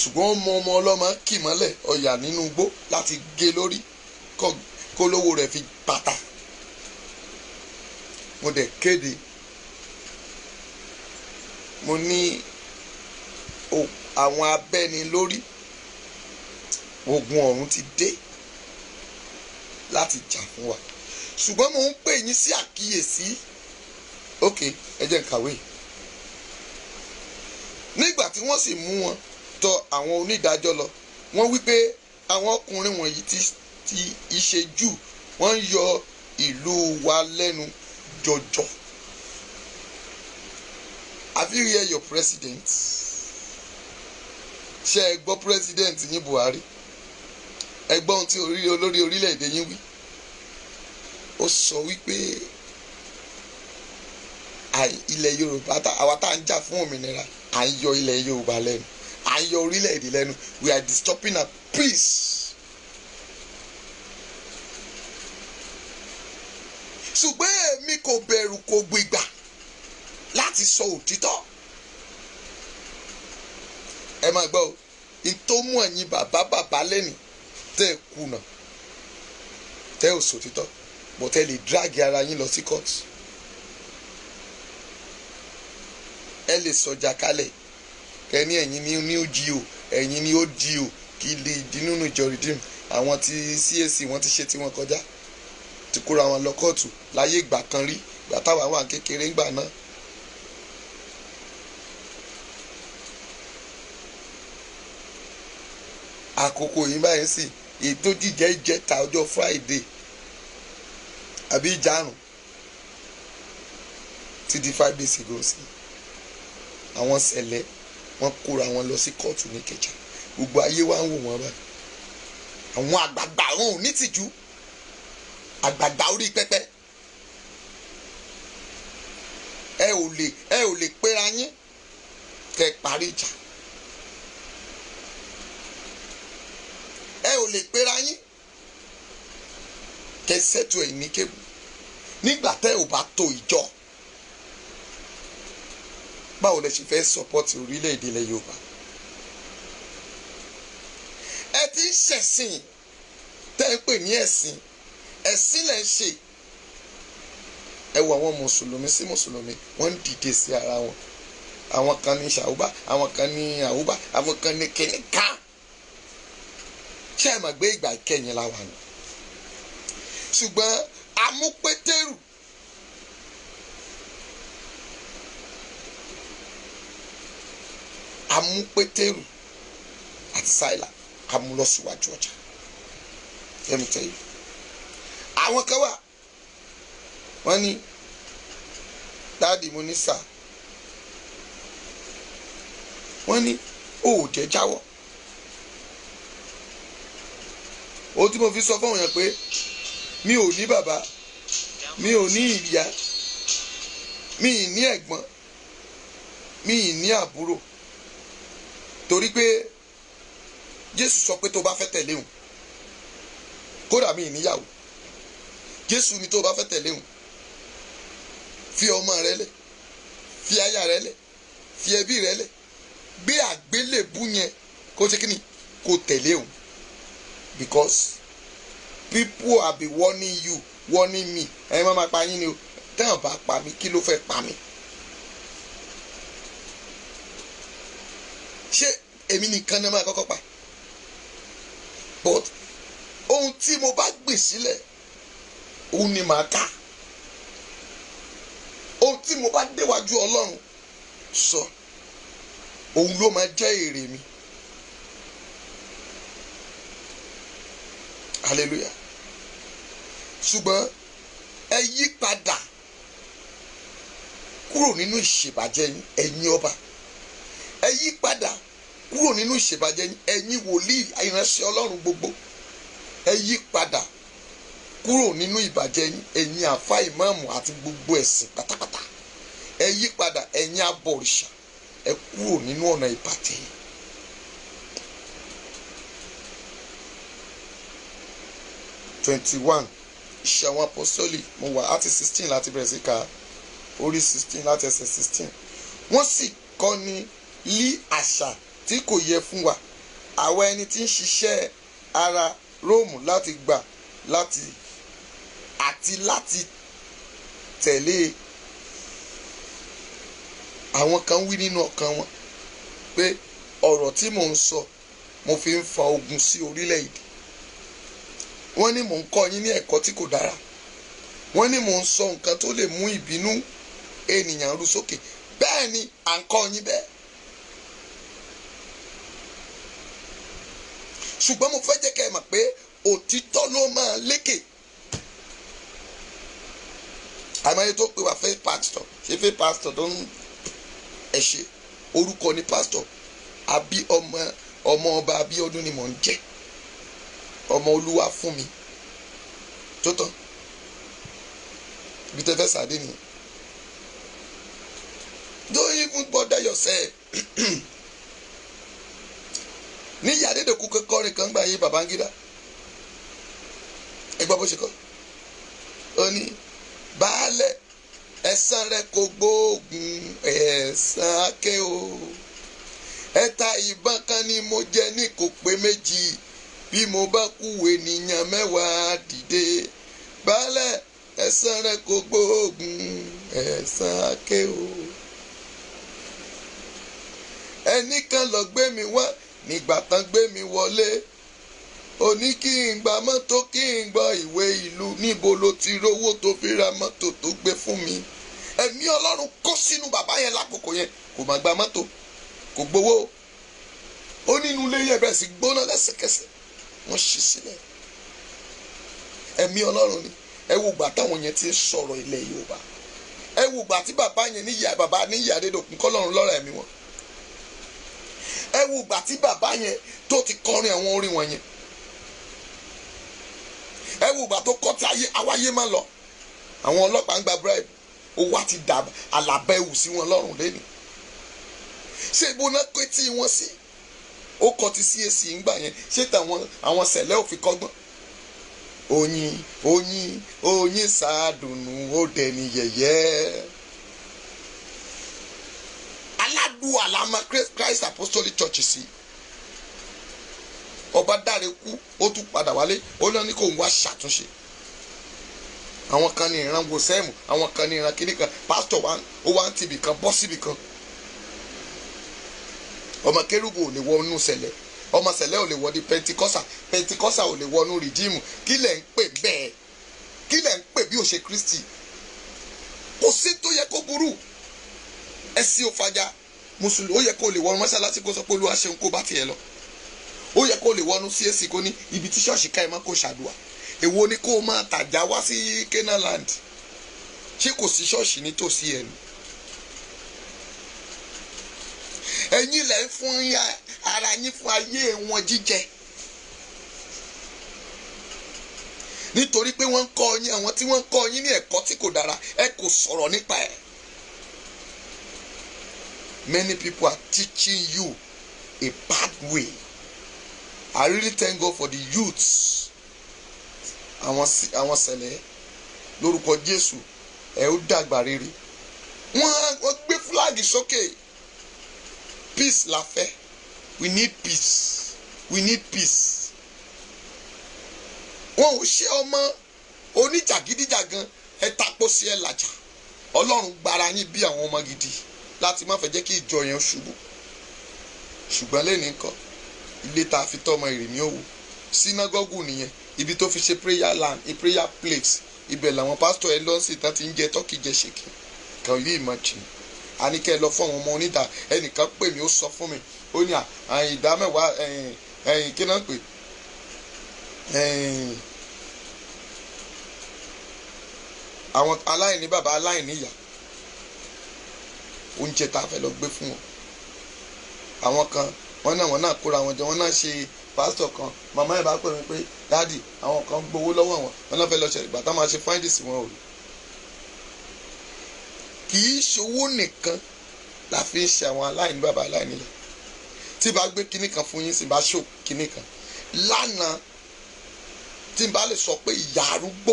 ṣùgbọ́n ọmọ ọmọ ọlọ́mọ kì mọ́lẹ̀ ọ̀yà nínú igbó láti gé lórí kó lówó rẹ̀ fi bàtà mo dẹ̀ kéde mo ní àwọn abẹ́nilórí ogun ọ̀run ti dé láti jà fún wa ṣùgbọ́n mo ń pè yín sí àkíyèsí ok ẹ jẹ́ n kàwé nígbà tí wọ́n sì mú wọn tọ àwọn onídàájọ́ lọ wọ́n wí pé àwọn ọkùnrin wọ̀nyí ti ti jù wọ́n ń yọ ìlú wa lẹ́nu jọjọ have you hear your president ṣe ẹ gbọ́ president yín Buhari ẹ gbọ́ ohun tí olórí orílẹ̀-èdè yín wí ó sọ wípé ilẹ̀ Yorùbá àwa tá à ń jà fún òmìnira à ń yọ ilẹ̀ Yorùbá lẹ́nu à ń yọ orílẹ̀-èdè lẹ́nu we are disturbing our peace. kó bẹ̀rù kó gbígbà láti sọ òtítọ́ ẹ máa gbọ́ o ìtòmú ẹ̀yin bàbá bàbá lẹ́nìí tẹ́ ẹ kùnà tẹ́ ò sòtítọ́ bọ̀tẹ́ lè dírágì ara yín lọ sí kóòtù ẹ lè sọjà kalẹ̀ kẹ́ni ẹ̀yin ni ó jí o ẹ̀yin ni ó jí o kí lè dínú ìjọ rìdíìmù àwọn tí CAC wọ́n ti ṣe tí wọ́n kọjá ti kóra wọn lọ kóòtù láyé ìgbà kan rí ìgbà táwa wà kékeré ńgbà náà. àkókò yìí báyìí sì ètò jíjẹ ìjẹta ọjọ́ Friday àbí ìjàrùn ti di five days ago sí àwọn ṣẹlẹ̀ wọ́n kóra wọn lọ sí kóòtù ní Ìkẹjà gbogbo ayé wa ń wò wọ́n báyìí àwọn àgbààgbà ọ̀hún ní tìjú àgbààgbà orí pẹpẹ ẹ ò lè ẹ ò lè péra yín kẹ parí ìjà ẹ ò lè péra yín kẹ sẹtù ẹ ní kébù nígbà tẹ ò bá tó ìjọ báwo lẹ ṣe fẹ́ sọpọ́tì orílẹ̀-èdè ilẹ̀ Yorùbá ẹ ti ń ṣẹ̀sìn tẹ́ ń pè ní ẹ̀sìn ẹ̀sìn lẹ̀ ń ṣe ẹ wo àwọn mùsùlùmí sí mùsùlùmí wọ́n ń dìde sí ara wọn àwọn kan ní ṣàwùbá àwọn kan ní àwùbá àwọn kan ní kìnìkà ṣé ẹ mà gbé ìgbà ìkẹyìn la wà ní. ṣùgbọ́n amúpétérù amúpétérù àti sáìlà amúlọ́síwájú ọjà let me tell you àwọn kan wà wọ́n ní dáàdì mo ní sà wọ́n ní ò jẹ́ jáwọ́ o tí mo fi sọ fún òyìn pé mi ò ní bàbá mi ò ní ìyá mi ì ní ẹ̀gbọ́n mi ì ní àbúrò torí pé Jésù sọ pé tó bá fẹ́ tẹ̀lé òun kódà mi ì níyàwó jésù ni tó o bá fẹ́ tẹ̀lé òun fi ọmọ rẹ lẹ̀ fi aya rẹ lẹ̀ fi ẹbí rẹ lẹ̀ gbé àgbélébú yẹn kó ṣe kíni kó tẹ̀lé òun because people are be warning you warning me ẹ̀yin máa ma pa yín ni o tẹ́wọ̀n bá pa mí kí ló fẹ́ pa mí. ṣé èmi nìkan náà máa kọ́kọ́ pa but ohun tí mo bá gbè sílẹ̀ òun ni màá kà ohun tí mo bá déwájú ọlọ́run sọ òun ló máa jẹ́ èrè mi hallelujah ṣùgbọ́n ẹ yí padà kúrò nínú ìṣèbàjẹ́ yín ọba ẹ yí padà kúrò nínú ìṣèbàjẹ́ yín wòlíì ìránṣẹ́ ọlọ́run gbogbo ẹ yí padà kúrò nínú ìbàjẹ́ ẹ̀yin àfa ìmáàmù àti gbogbo ẹ̀sìn pátápátá ẹ yí padà ẹ̀yin abọ̀rìṣà ẹ kúrò nínú ọ̀nà ìbàjẹ́ yìí. twenty one iṣẹ́ àwọn apọ́sọ́lì mo wà láti sixteen láti bẹ̀rẹ̀ sí ka orí sixteen láti ẹsẹ̀ sixteen wọ́n sì kọ́ ni lí àṣà tí kò yẹ fún wa àwa ẹni tí ń ṣiṣẹ́ ara róòmù láti gbà láti àti láti tẹ̀lé àwọn kan wí nínú ọkàn wọn pé ọ̀rọ̀ tí mò ń sọ mo fi ń fa ogun sí orílẹ̀-èdè wọ́n ní mò ń kọ́ yín ní ẹ̀kọ́ tí kò dára wọ́n ní mò ń sọ nǹkan tó lè mú ìbínú ènìyàn ru sókè bẹ́ẹ̀ ni à ń kọ́ yín bẹ́ẹ̀. ṣùgbọ́n mo fẹ́ jẹ́ kẹ́ ẹ mọ̀ pé òtítọ́ ló máa lékè àmọ́yé tó pè wá fẹ́ pásítọ̀ ṣé fẹ́ pásítọ̀ tó ń ẹ̀ṣẹ̀ orúkọ ní pásítọ̀ àbí ọmọ ọmọ ọba Abíọ́dún ni mò ń jẹ́ ọmọ olúwa fún mi tó tán ibi tẹ́ fẹ́ sàdé nìyẹn don't even bother yourself ní ìyá Adédèkú kọrin kan gbà yín Babangida ẹ gbọ́ bó ṣe kọ́ ó ní. baálẹ̀ ẹ̀san rẹ kò gbóògùn ẹ̀san akẹ́ o ẹ̀ta ìbọn kan ni mo jẹ ní kò pé méjì bí mo bá kúwèé nìyàn mẹ́wàá dìde baálẹ̀ ẹ̀san rẹ kò gbóògùn ẹ̀san akẹ́ o ẹnìkan lọ gbé mi wá nígbà tán gbé mi wọlé ó ní kí n gba mọ́tò kí n gbọ́ ìwé ìlú níbo ló ti rówó tó fi ra mọ́tò tó gbé fún mi ẹ̀mí ọlọ́run kó sínú bàbá yẹn lákòókò yẹn kò má gba mọ́tò kò gbowó ó nínú ilé yẹn bẹ̀rẹ̀ sí gbóná lẹ́sẹ̀kẹsẹ̀ wọ́n ṣí sílẹ̀ ẹ̀mí ọlọ́run ni ẹ wo gbà táwọn yẹn ti sọ̀rọ̀ ilẹ̀ yorùbá ẹ wo gbà tí bàbá yẹn níyà bàbá níyà dédòkun kọ́lọ́run lọ́rọ̀ ẹ̀mí wọn ẹ wo gbà tí bàbá yẹn tó ti kọrin àwọn orin wọn yẹn ẹ wò ìgbà tó kọ́ tí awáyé máa lọ àwọn ọlọ́pàá ń gba bribe owó àti dàbà àlàbẹ̀wò sí wọn lọ́rùn lẹ́nu ṣé ibo náà pé tí wọ́n sí ó kọ ti CAC ń gbà yẹn ṣé tàwọn àwọn sẹ̀lẹ̀ ò fi kọ́gbọ́n oyin oyin oyin sàádùnnú ó dẹni yẹ̀yẹ́ aládùn àlámà Christ Apostolic Church sí. Si ọba dáre kú ó tún padà wálé ó náà ní kò ń wá ṣàtúnṣe àwọn kan ní ìran wosẹ́ẹ̀mù àwọn kan ní ìran kíní kan pásítọ̀ ó wá ń tibì kan bọ́ síbì kan ọmọ kérúbù ò lè wọ inú sẹ̀lẹ̀ ọmọ sẹ̀lẹ̀ ò lè wọ ní pentikọ́sà pentikọ́sà ò lè wọ inú rìdíìmù kí lẹ̀ ń pè bẹ́ẹ̀ kí lẹ̀ ń pè bí ó kristi kò sí tó yẹ kó burú ẹ sí òfajà mùsùlùmí ó yẹ kó lè wọ mọ́ṣáláṣí kó sọ pé olúwa ṣeun kó bá tiẹ̀ lọ ó yẹ kó lè wọnú CAC kó ní ibi tí ṣọ́ọ̀ṣì ká ẹ mọ́ kó ṣàdùà èwo ni kó máa tàjà wá sí Canaan ṣé kò sí ṣọ́ọ̀ṣì nítòsí ẹ̀ ni. ẹ̀yin lẹ́ fún ara yín fún ayé wọn jíjẹ nítorí pé wọ́n ń kọ́ yín àwọn tí wọ́n ń kọ́ yín ní ẹ̀kọ́ tí kò dára ẹ kò sọ̀rọ̀ nípa ẹ̀. Many people are teaching you a bad way. I really thank God for the youths àwọn àwọn sẹ̀lẹ̀ lórúkọ Jésù ẹ ó dàgbà rere wọ́n wọ́n gbé fúláàgì sókè peace la fẹ́ we need peace we need peace wọn ò ṣe ọmọ oníjàgídíjàgan ẹ tapo sí ẹ làjà Ọlọ́run gbára yín bí àwọn ọmọ gidi láti má fẹ́ jẹ́ kí ìjọ yẹn ṣubú ṣùgbọ́n lẹ́nu nǹkan ilé tá a fi tọ́ ọmọ ìrìn ní òwò sínágọ́gù nìyẹn ibi tó fi ṣe prayer land a prayer place ibẹ̀ làwọn pásítọ̀ ẹ lọ sí tán ti ń jẹ tọ́kì jẹ ṣèkì kan yóò mọ̀ jìn a ní lọ fún àwọn ọmọ oníta ẹnìkan pè mí ó sọ fún mi ó ní àyìn ìdá mẹ́wàá ẹ̀yìn ẹ̀yìn kí náà pè ẹ̀yìn àwọn aláìní bàbá aláìní ìyá oúnjẹ tá a fẹ́ lọ gbé fún wọn àwọn kan wọn náà wọn náà kóra wọn jọ wọn náà ṣe pásítọ̀ kan màmá ẹ̀ bá pè mí pé dáàdì àwọn kan gbowó lọ́wọ́ wọn wọn náà fẹ́ lọ ṣe ìgbà tá máa ṣe fáìndìsì wọn o kì í ṣòwò nìkan la fi ń ṣe àwọn aláìní bàbá aláìní lẹ tí bá gbé kinní kan fún yín sì bá ṣò kinní kan lánàá tí n bá lè sọ pé ìyá arúgbó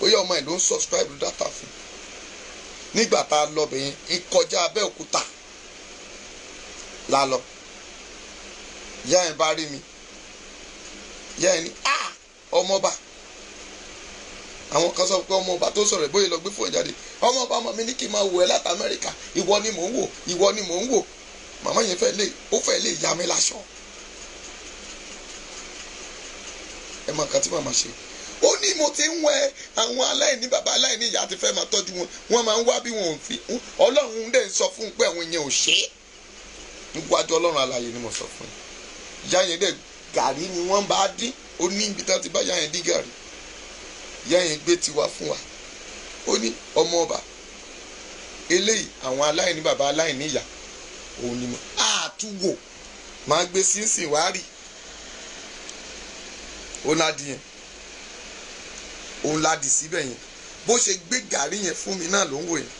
bóyá ọmọ ẹ̀ ló ń subscribe data fún nígbà tá a lọ bẹ̀yẹn ìkọjá Abẹ́òkúta la lọ ìyá yẹn bá rí mi ìyá yẹn ní a ọmọọba àwọn kan sọ pé ọmọọba tó sọ̀rọ̀ ìbóyè lọ gbé fún ìjáde ọmọọba ọmọ mi ní kí n máa wò ẹ́ láti amẹ́ríkà ìwọ ni mò ń wò ìwọ ni mò ń wò màmá yẹn fẹ́ lè ó fẹ́ lè yá mi láṣọ. ẹ mọ nǹkan tí màmá ṣe ó ní mo ti ń wẹ àwọn aláìní bàbá aláìní ìyá àti fẹ́ máa tọ́jú wọn wọ́n máa ń wá bí wọn ò fi ọlọ́run dẹ̀ ń sọ fún un pé àwọn èèyàn ò ṣe é níwájú ọlọ́run alààyè ni mo sọ fún yín ìyá yẹn dẹ̀ gàrí ni wọ́n bá dín ó ní ibi tán ti bá ìyá yẹn dín gàrí ìyá yẹn gbé tiwa fún wa ó ní ọmọ ọba eléyìí àwọn aláìní bàbá aláìní ìyá òun ni mo àtúwò máa gbé sínsìn wá rí òun ládi yẹn òun ládi síbẹ̀ yẹn bó ṣe gbé gàrí yẹn fún mi náà ló ń wò yẹn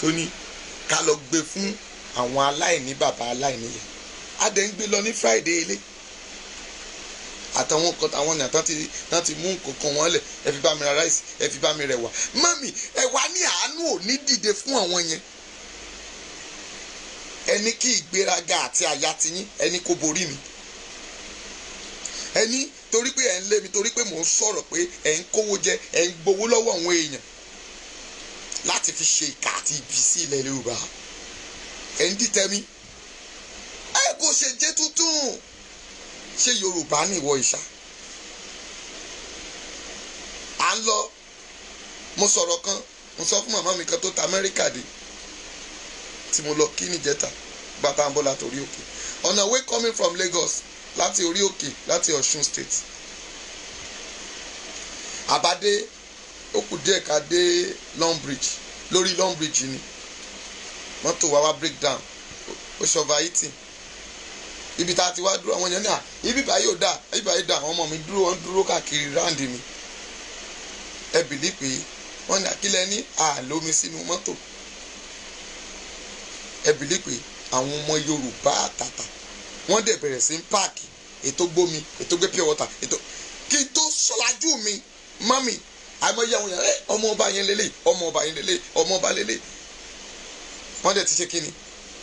tó ní ká lọ gbé fún àwọn aláìní bàbá aláìní yẹn a dẹ̀ ń gbé lọ ní friday ilé àtàwọn kan àwọn èèyàn tán ti mú nǹkan kan wọn lẹ̀ ẹ fi bá mi ra ráìsì ẹ fi bá mi rẹwà mami ẹ wá ní àánú òní dìde fún àwọn yẹn ẹni kí ìgbéraga àti àyà ti yín ẹni kò borí mi ẹni torí pé ẹ ń lé mi torí pé mò ń sọ̀rọ̀ pé ẹ ń kówó jẹ ẹ ń gbowó lọ́wọ́ àwọn èèyàn láti fi ṣe ìkà àti ibi ilẹ̀ yorùbá ẹ̀ ń dìtẹ̀ mi ẹ kò ṣe jẹ́ tuntun ṣé yorùbá ní ìwọ ìṣá à ń lọ mo sọ̀rọ̀ kan mo sọ fún màmá mi kan tó ta amẹ́ríkà dé tí mo lọ kí nìjẹta bàbá ń bọ́ láti orí òkè on our way coming from Lagos láti orí òkè láti Ọ̀ṣun state àbádé ó kù díẹ̀ ká dé Long Bridge lórí Long Bridge ni mọ́tò wa wá break down ó ṣọba ìtì ibi tá a ti wá dúró àwọn èèyàn náà ah, ibi báyìí ò dà ibi báyìí dà àwọn ọmọ mi dúró wọn dúró káàkiri ráǹdì mi ẹ bìlí pé wọn ní àkílẹ̀ ah, ní àlómi ah, sínú mọ́tò ẹ bìlí pé àwọn ọmọ Yorùbá àtàtà wọ́n dẹ̀ bẹ̀rẹ̀ sí páàkì ètò gbómi ètò gbé pure water ètò kí n tó sọlájú mi mami àmọ́ yẹ àwọn yàrá eh, ọmọ ọba yẹn lélẹ̀ ọmọ ọba yẹn lélẹ̀ ọmọ ọba lélẹ̀ wọ́n dẹ̀ ti ṣe kí ni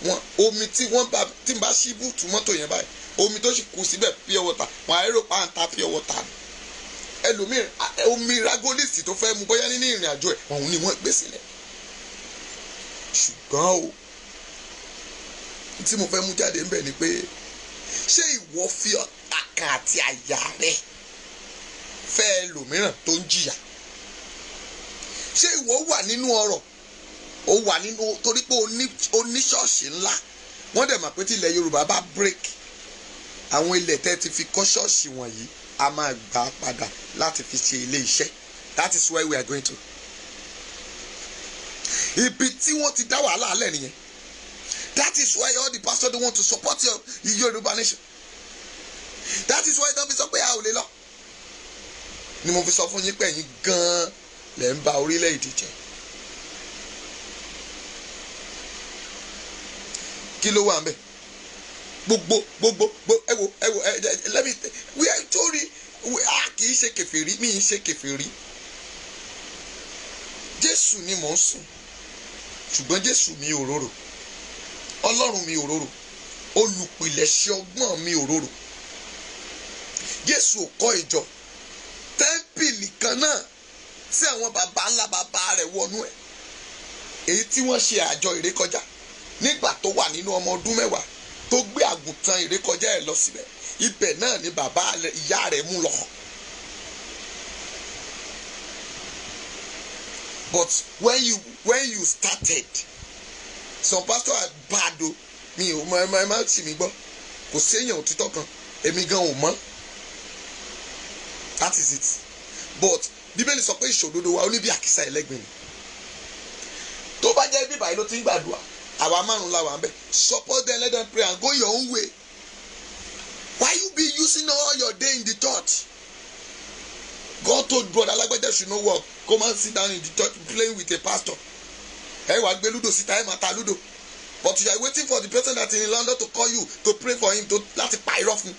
wọ́n omi tí wọ́n bá tí n bá ṣí búùtù mọ́tò yẹn báyìí omi tó sì kù síbẹ̀ pure water wọ́n àárò pa à ta pure water ni ẹlòmíràn omi ragolisi tó fẹ́ mu bóyá nínú ìrìn àjò ẹ̀ ọ̀hún ni wọ́n gbé sílẹ̀ ṣùgbọ́n o tí mo fẹ́ mú jáde ń bẹ̀ ni pé ṣé ìwọ fi ọ̀tá kan àti àyà rẹ fẹ́ ẹlòmíràn tó ń jìyà ṣé ìwọ wà nínú ọrọ̀ ó wà nínú torí pé oníṣọ́ọ̀ṣì ńlá wọ́n dẹ̀ mọ̀ pé tí ilẹ̀ Yorùbá bá break àwọn ilẹ̀ tẹ́ ti fi kọ́ ṣọ́ọ̀ṣì wọ̀nyí a máa gbà á padà láti fi ṣe ilé iṣẹ́ that is where we are going to. ibi tí wọ́n ti dá wàhálà alẹ́ nìyẹn that is why all the pastors dey want to support your Yorùbá nation that is why don fi sọ pé a ò lè lọ ni mo fi sọ fún yín pé ẹ̀yin gan-an lẹ́ ń ba orílẹ̀-èdè jẹ́ kí ló wà ń bẹ̀ gbogbo gbogbo ẹ wo ẹ wo ẹ lẹ́mi wí ẹ torí a kì í ṣe kèfèrí mi ì ṣe kèfèrí jésù ni mò ń sìn ṣùgbọ́n jésù mi òróró ọlọ́run mi òróró olùpìlẹ̀ṣẹ̀ ọgbọ́n mi òróró jésù ò kọ́ ìjọ tẹ́ḿpìlì kan náà tí àwọn baba ńlá baba rẹ̀ wọnú ẹ̀ èyí tí wọ́n ṣe àjọ ìrékọjá nígbà tó wà nínú ọmọ ọdún mẹ́wàá tó gbé àgùntàn ìrékọjá ẹ̀ lọ síbẹ̀ ibẹ̀ náà ni bàbá ìyá rẹ̀ mú lọ. but when you when you started some pastor had bad o mi ò mọ ẹ má sì mí gbọ́ kò séèyàn òtítọ́ kan èmi gan ò mọ̀ that is it but bíbélì sọ pé ìṣòdodo wa ó ní bí àkísà ẹlẹ́gbin ni tó bá jẹ́ bíbáyìí ló ti ń gbàdúrà Our márùn la wà ń support them let them pray and go your own way why you be using all your day in the church God told brother Lágbájá should no work come and sit down in the church playing with a pastor ẹ wàá gbé ludo síta ẹ máa ta ludo but you are waiting for the person that in London to call you to pray for him to láti pa irọ́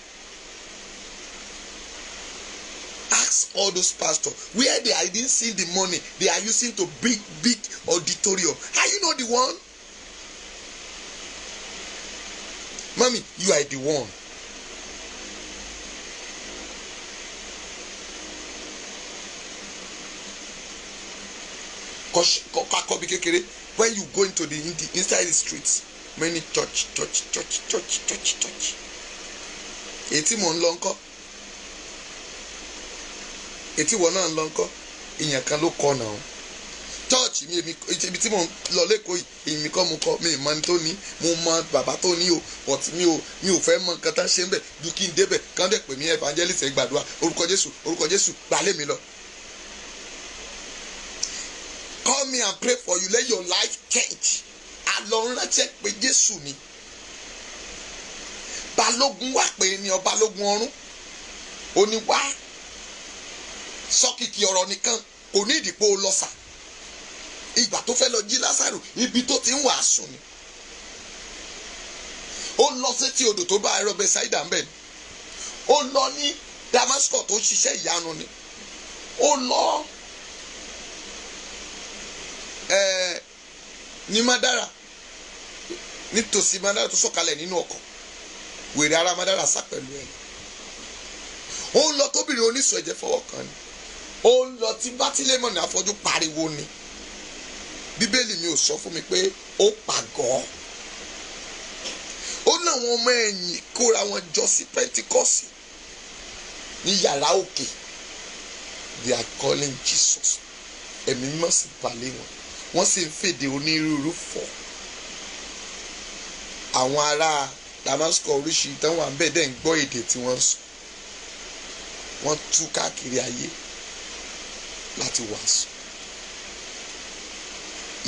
ask all those pastors where they are hiding see the money they are using to big big auditorium are you not the one Mommy, you are the one. kakọbi kékeré when you go into the, in the inside the streets many church church church church church church ètí mò ń lọ ńkọ́ ètí wọ́n náà ń lọ ńkọ́ ìyàn kan ló kọ́ náà church mi ibi tí mo lọ lẹ́kọ̀ọ́ yìí èmi kọ́ mo kọ́ mi ìmọ̀ ni tó ní mo mọ bàbá tó ní o but mi ò mi ò fẹ́ mọ nǹkan tá a ṣe ń bẹ̀ ju kí n débẹ̀ kán dẹ̀ pè mí evangelist ẹ̀ gbàdúrà orúkọ Jésù orúkọ Jésù gbalẹ̀ mi lọ. call me and pray for you let your life change àlọ́ ránṣẹ́ pé Jésù ni balógun wà pé ni ọba lógun ọ̀run òní wá sọ́kìkì ọ̀rọ̀ nìkan kò ní ìdìpọ̀ lọ́sàá ìgbà tó fẹ́ lọ jí lásàrò ibi tó ti ń wàásù ni ó lọ sétí odò tó bá ẹrọ ṣáìdà ń bẹ ni ó lọ ní Damascus tó ṣiṣẹ́ ìyanu ni ó lọ ẹ̀ẹ́ ní Mádàrà nítòsí Mádàrà tó sọ̀kalẹ̀ nínú ọkọ̀ wèrè ara Mádàrà sá pẹ̀lú ẹ̀ ó lọ tóbìnrin oníṣọ̀ ẹ̀jẹ̀ fọwọ́ kan ni ó lọ tí bátílẹ́mọ̀ ní pariwo ni bíbélì mi ò sọ fún mi pé ó pàgọ́ ó láwọn ọmọ ẹ̀yìn kóra wọn jọ sí pentikọ́sì ní yàrá òkè they are calling Jesus ẹ̀mí mímọ́ sì balẹ̀ wọn wọ́n sì ń fèdè onírúurú fọ́ àwọn ará Damascus oríṣi ìtàn wà ń bẹ̀ dẹ̀ ń gbọ́ èdè tí wọ́n sọ wọ́n tú káàkiri ayé láti wàásù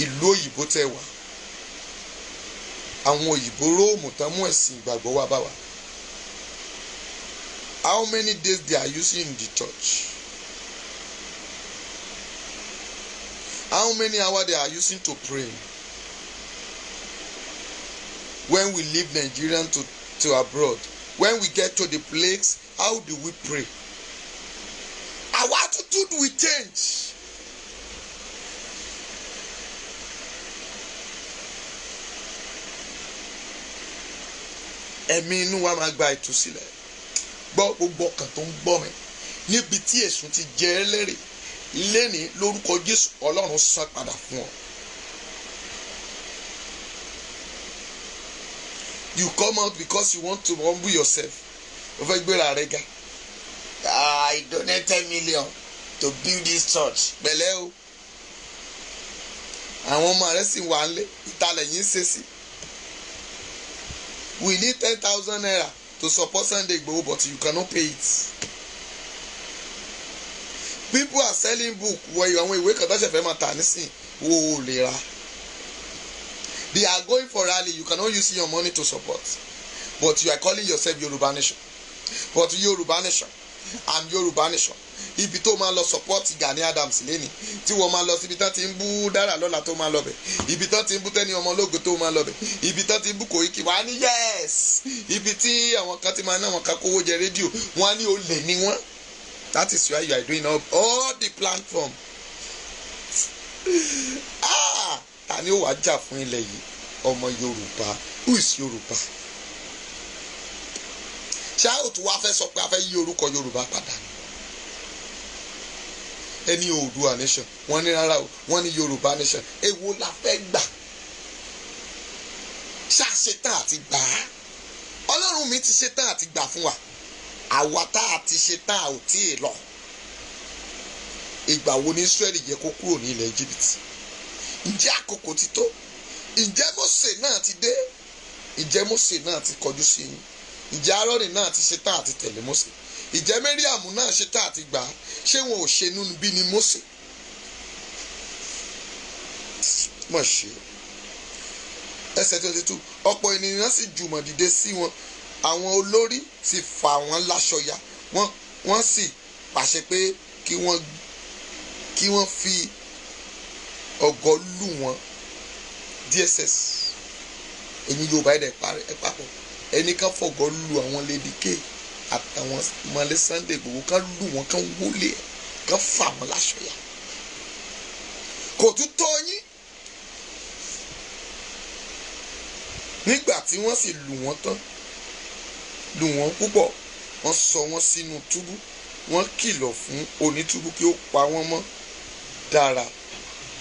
ìlú òyìnbó tẹ wà àwọn òyìnbó róòmù tán mú ẹ̀sìn ìgbàgbọ́ wá bá wa how many days they are using in the church how many hours they are using to pray when we leave Nigeria to to abroad when we get to the place how do we pray our attitude will change. ẹ̀mí inú wa máa gba ìtúsílẹ̀ gbọ́ gbogbo ọkàn tó ń gbọ́ mi níbi tí èsùn ti jẹ ẹ́ lérè lẹ́ni lórúkọ Jésù Ọlọ́run san padà fún ọ. you come out because you want to humble yourself o fẹ́ gbéra rẹ ga. Ah, I donate ten million to build this church. pẹ̀lẹ́ o àwọn ọmọ rẹ sì wà ń lé ìtàlẹ̀ yìí ń ṣe sí i we need ten thousand naira to support Sunday Igboho but you cannot pay it people are selling book wọ àwọn ìwé kan tọ́sẹ̀ fẹ́ máa tà nísìn wo ò lè ra they are going for rally you cannot use your money to support but you are calling yourself Yoruba Nation but Yoruba Nation I'm Yoruba Nation ibi tó máa lọ support Gani Adams lẹ́ni tí wọ́n máa lọ síbi tán ti ń bú dára lọ́la tó máa lọ bẹ̀ ibi tán ti ń bú tẹ́ni ọmọ ológo tó máa lọ bẹ̀ ibi tán ti ń bú Koiki wá ní yes ibi tí àwọn kan ti máa ná àwọn kan kówó jẹ rédíò wọ́n á ní olè ní wọ́n that is why you are doing all, all the platform ah ta ni ó wàá jà fún ilẹ̀ yìí ọmọ Yorùbá who is Yorùbá ṣáà ó tún wá fẹ́ sọ pé a fẹ́ yí orúkọ Yorùbá padà ni ẹni Oòduà nation wọ́n ní rárá o wọ́n ní Yorùbá nation èwo la fẹ́ gbà ṣáà ṣetán àti gbà á Ọlọ́run mi ti ṣetán àti gbà fún wa àwa tá a ti ṣetán ò tí ì lọ ìgbà wo ni Ísírẹ́lì yẹ kó kúrò ní ilẹ̀ Íjíbítì ǹjẹ́ àkókò ti tó ǹjẹ́ Mósè náà ti dé ǹjẹ́ Mósè náà ti kọjú sí yín ǹjẹ́ Áárónì náà ti ṣetán àti tẹ̀lé Mósè ìjẹ́ mẹ́ríàmù náà ṣe tá àti gbà ṣé wọn ò ṣe nínú bí ni Mósè mọ̀ ṣe ẹsẹ̀ twenty two ọ̀pọ̀ ènìyàn sì jùmọ̀ dìde sí wọn àwọn olórí sì fà wọ́n láṣọ ya wọ́n sì pàṣẹ pé kí wọ́n kí wọ́n fi ọ̀gọ́ lù wọ́n DSS èyí Yorùbá ẹ̀dẹ̀ parẹ́ ẹ̀ papọ̀ ẹnìkan fọ̀gọ́ lù àwọn lédìkéè àtàwọn mọlẹ Sunday Igboho kán lù wọn kán wọlé kán fà wọn láṣọ yà kò tún tó yín nígbà tí wọ́n sì lù wọ́n tán lù wọ́n púpọ̀ wọ́n sọ wọ́n sínú túbú wọ́n kìlọ̀ fún onítúbú kí ó pa wọ́n mọ́ dára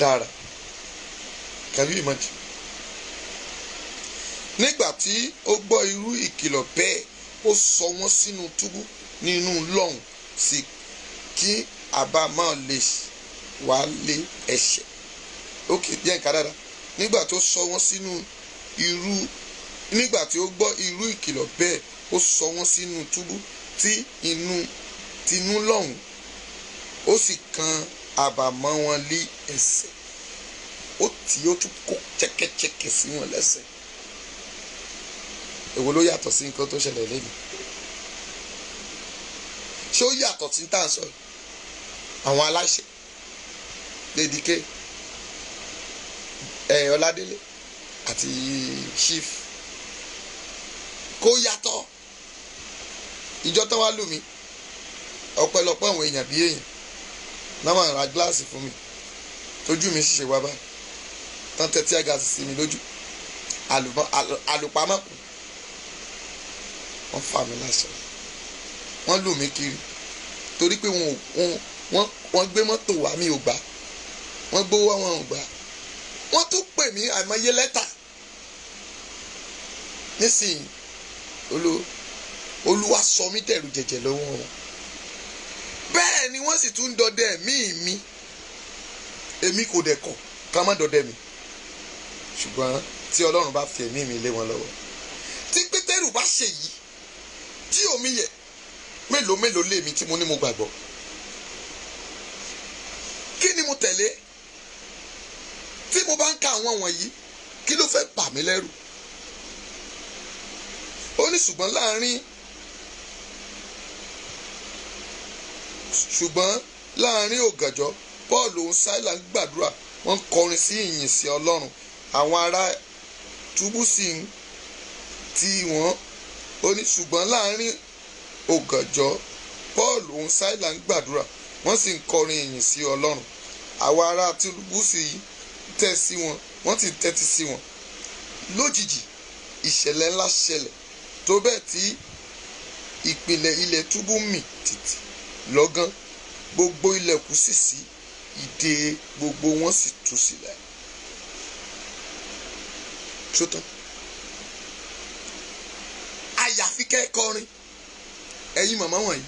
dára can you imagine nígbà tí ó gbọ́ irú ìkìlọ̀ bẹ́ẹ̀ kó sọ wọ́n sínú túbú nínú lọ́hùn sí kí àbámọ̀ lè wá lé ẹ̀ṣẹ̀ ókè díẹ̀ nǹkan dáadáa nígbà tó sọ wọ́n sínú irú nígbà tí ó gbọ́ irú ìkìlọ̀ bẹ́ẹ̀ ó sọ wọ́n sínú túbú tí inú tinú lọ́hùn ó sì kan àbámọ̀ wọn lé ẹ̀ṣẹ̀ ó tì í ó tún kó chẹ́kẹ́chẹ́kẹ́ sí wọn lẹ́sẹ̀ èwo ló yàtọ̀ sí nǹkan tó ṣẹlẹ̀ lẹ́nu ṣé ó yàtọ̀ sí tá à ń sọ àwọn aláṣẹ lédìké ẹ̀yìn eh, ọládélé àti chief kó yàtọ̀ ìjọ tán wá lù mí ọ̀pẹ̀lọpẹ̀ àwọn èèyàn bíi èèyàn náà máa ra gíláàsì fún mi tójú mi ṣiṣẹ́ wá báyìí tán tẹ́tí àgàsì sí mi lójú àlùpàmọ́ kù wọ́n fà mí lásán wọ́n lù mí kiri torí pé wọ́n gbé mọ́tò wá mi ò gbà wọ́n gbówó wá wọn ò gbà wọ́n tún pè mí àìmọye lẹ́tà nísìnyí olúwa sọ mí dẹ̀rù jẹ̀jẹ̀ lọ́wọ́ wọn bẹ́ẹ̀ ni wọ́n sì tún dọdẹ mí mi èmi kò dẹ̀ kọ̀ ká má dọdẹ mi ṣùgbọ́n tí ọlọ́run bá fi ẹ̀mí mi lé wọn lọ́wọ́ tí pétérù bá ṣèyí tí omi yẹ mélòó mélòó lèmi tí mo ní mo gbàgbọ́ kí ni mo tẹ̀lé tí mo bá ń ka àwọn wọ̀nyí kí ló fẹ́ bà mí lẹ́rù ó ní ṣùgbọ́n láàrin ṣùgbọ́n láàrin ògànjọ́ Paul òun Sílà ń gbàdúrà wọ́n ń kọrin sí ìyìn sí Ọlọ́run àwọn ará túbú sí ti wọ́n ó ní ṣùgbọ́n láàrin ògànjọ́ Paul òun Sílà ń gbàdúrà wọ́n sì ń kọrin ìyìn sí Ọlọ́run àwọn ará tìlúbùsì tẹ̀ sí wọn wọ́n sì tẹ́tí sí wọn lójijì ìṣẹ̀lẹ̀ ńlá ṣẹlẹ̀ tó bẹ́ẹ̀ tí ìpìlẹ̀ ilẹ̀ túbú mì tìtì lọ́gán gbogbo ilẹ̀kùn sì ṣí ìdè gbogbo wọn sì tú sílẹ̀. sótán. So àyàfi kẹ́ ẹ kọrin ẹ̀yin màmá wọ̀nyí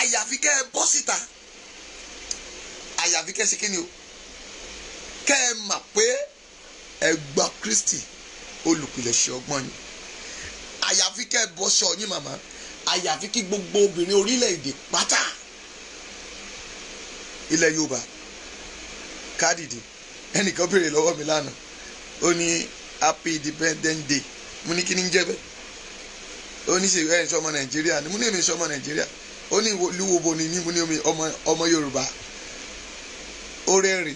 àyàfi kẹ́ ẹ bọ́ síta àyàfi kẹ́ ẹ ṣe ni o kẹ́ ẹ mà pé ẹ gba Kristi olùpilẹ̀ṣẹ̀ ọgbọ́n yìí àyàfi kẹ́ ẹ bọ́ sọ yín màmá àyàfi kí gbogbo obìnrin orílẹ̀-èdè pátá ilẹ̀ Yorùbá kádìdì ẹnìkan béèrè lọ́wọ́ mi lánàá ó ní happy independent day mo ní kí ni ń jẹ́ bẹ́ẹ̀ oníṣègùn ẹ̀yìn sọmọ nàìjíríà ni mo ní èmi sọmọ nàìjíríà ó ní ìlúwobo ni mí mo ní omi ọmọ yorùbá ó rẹ́rìn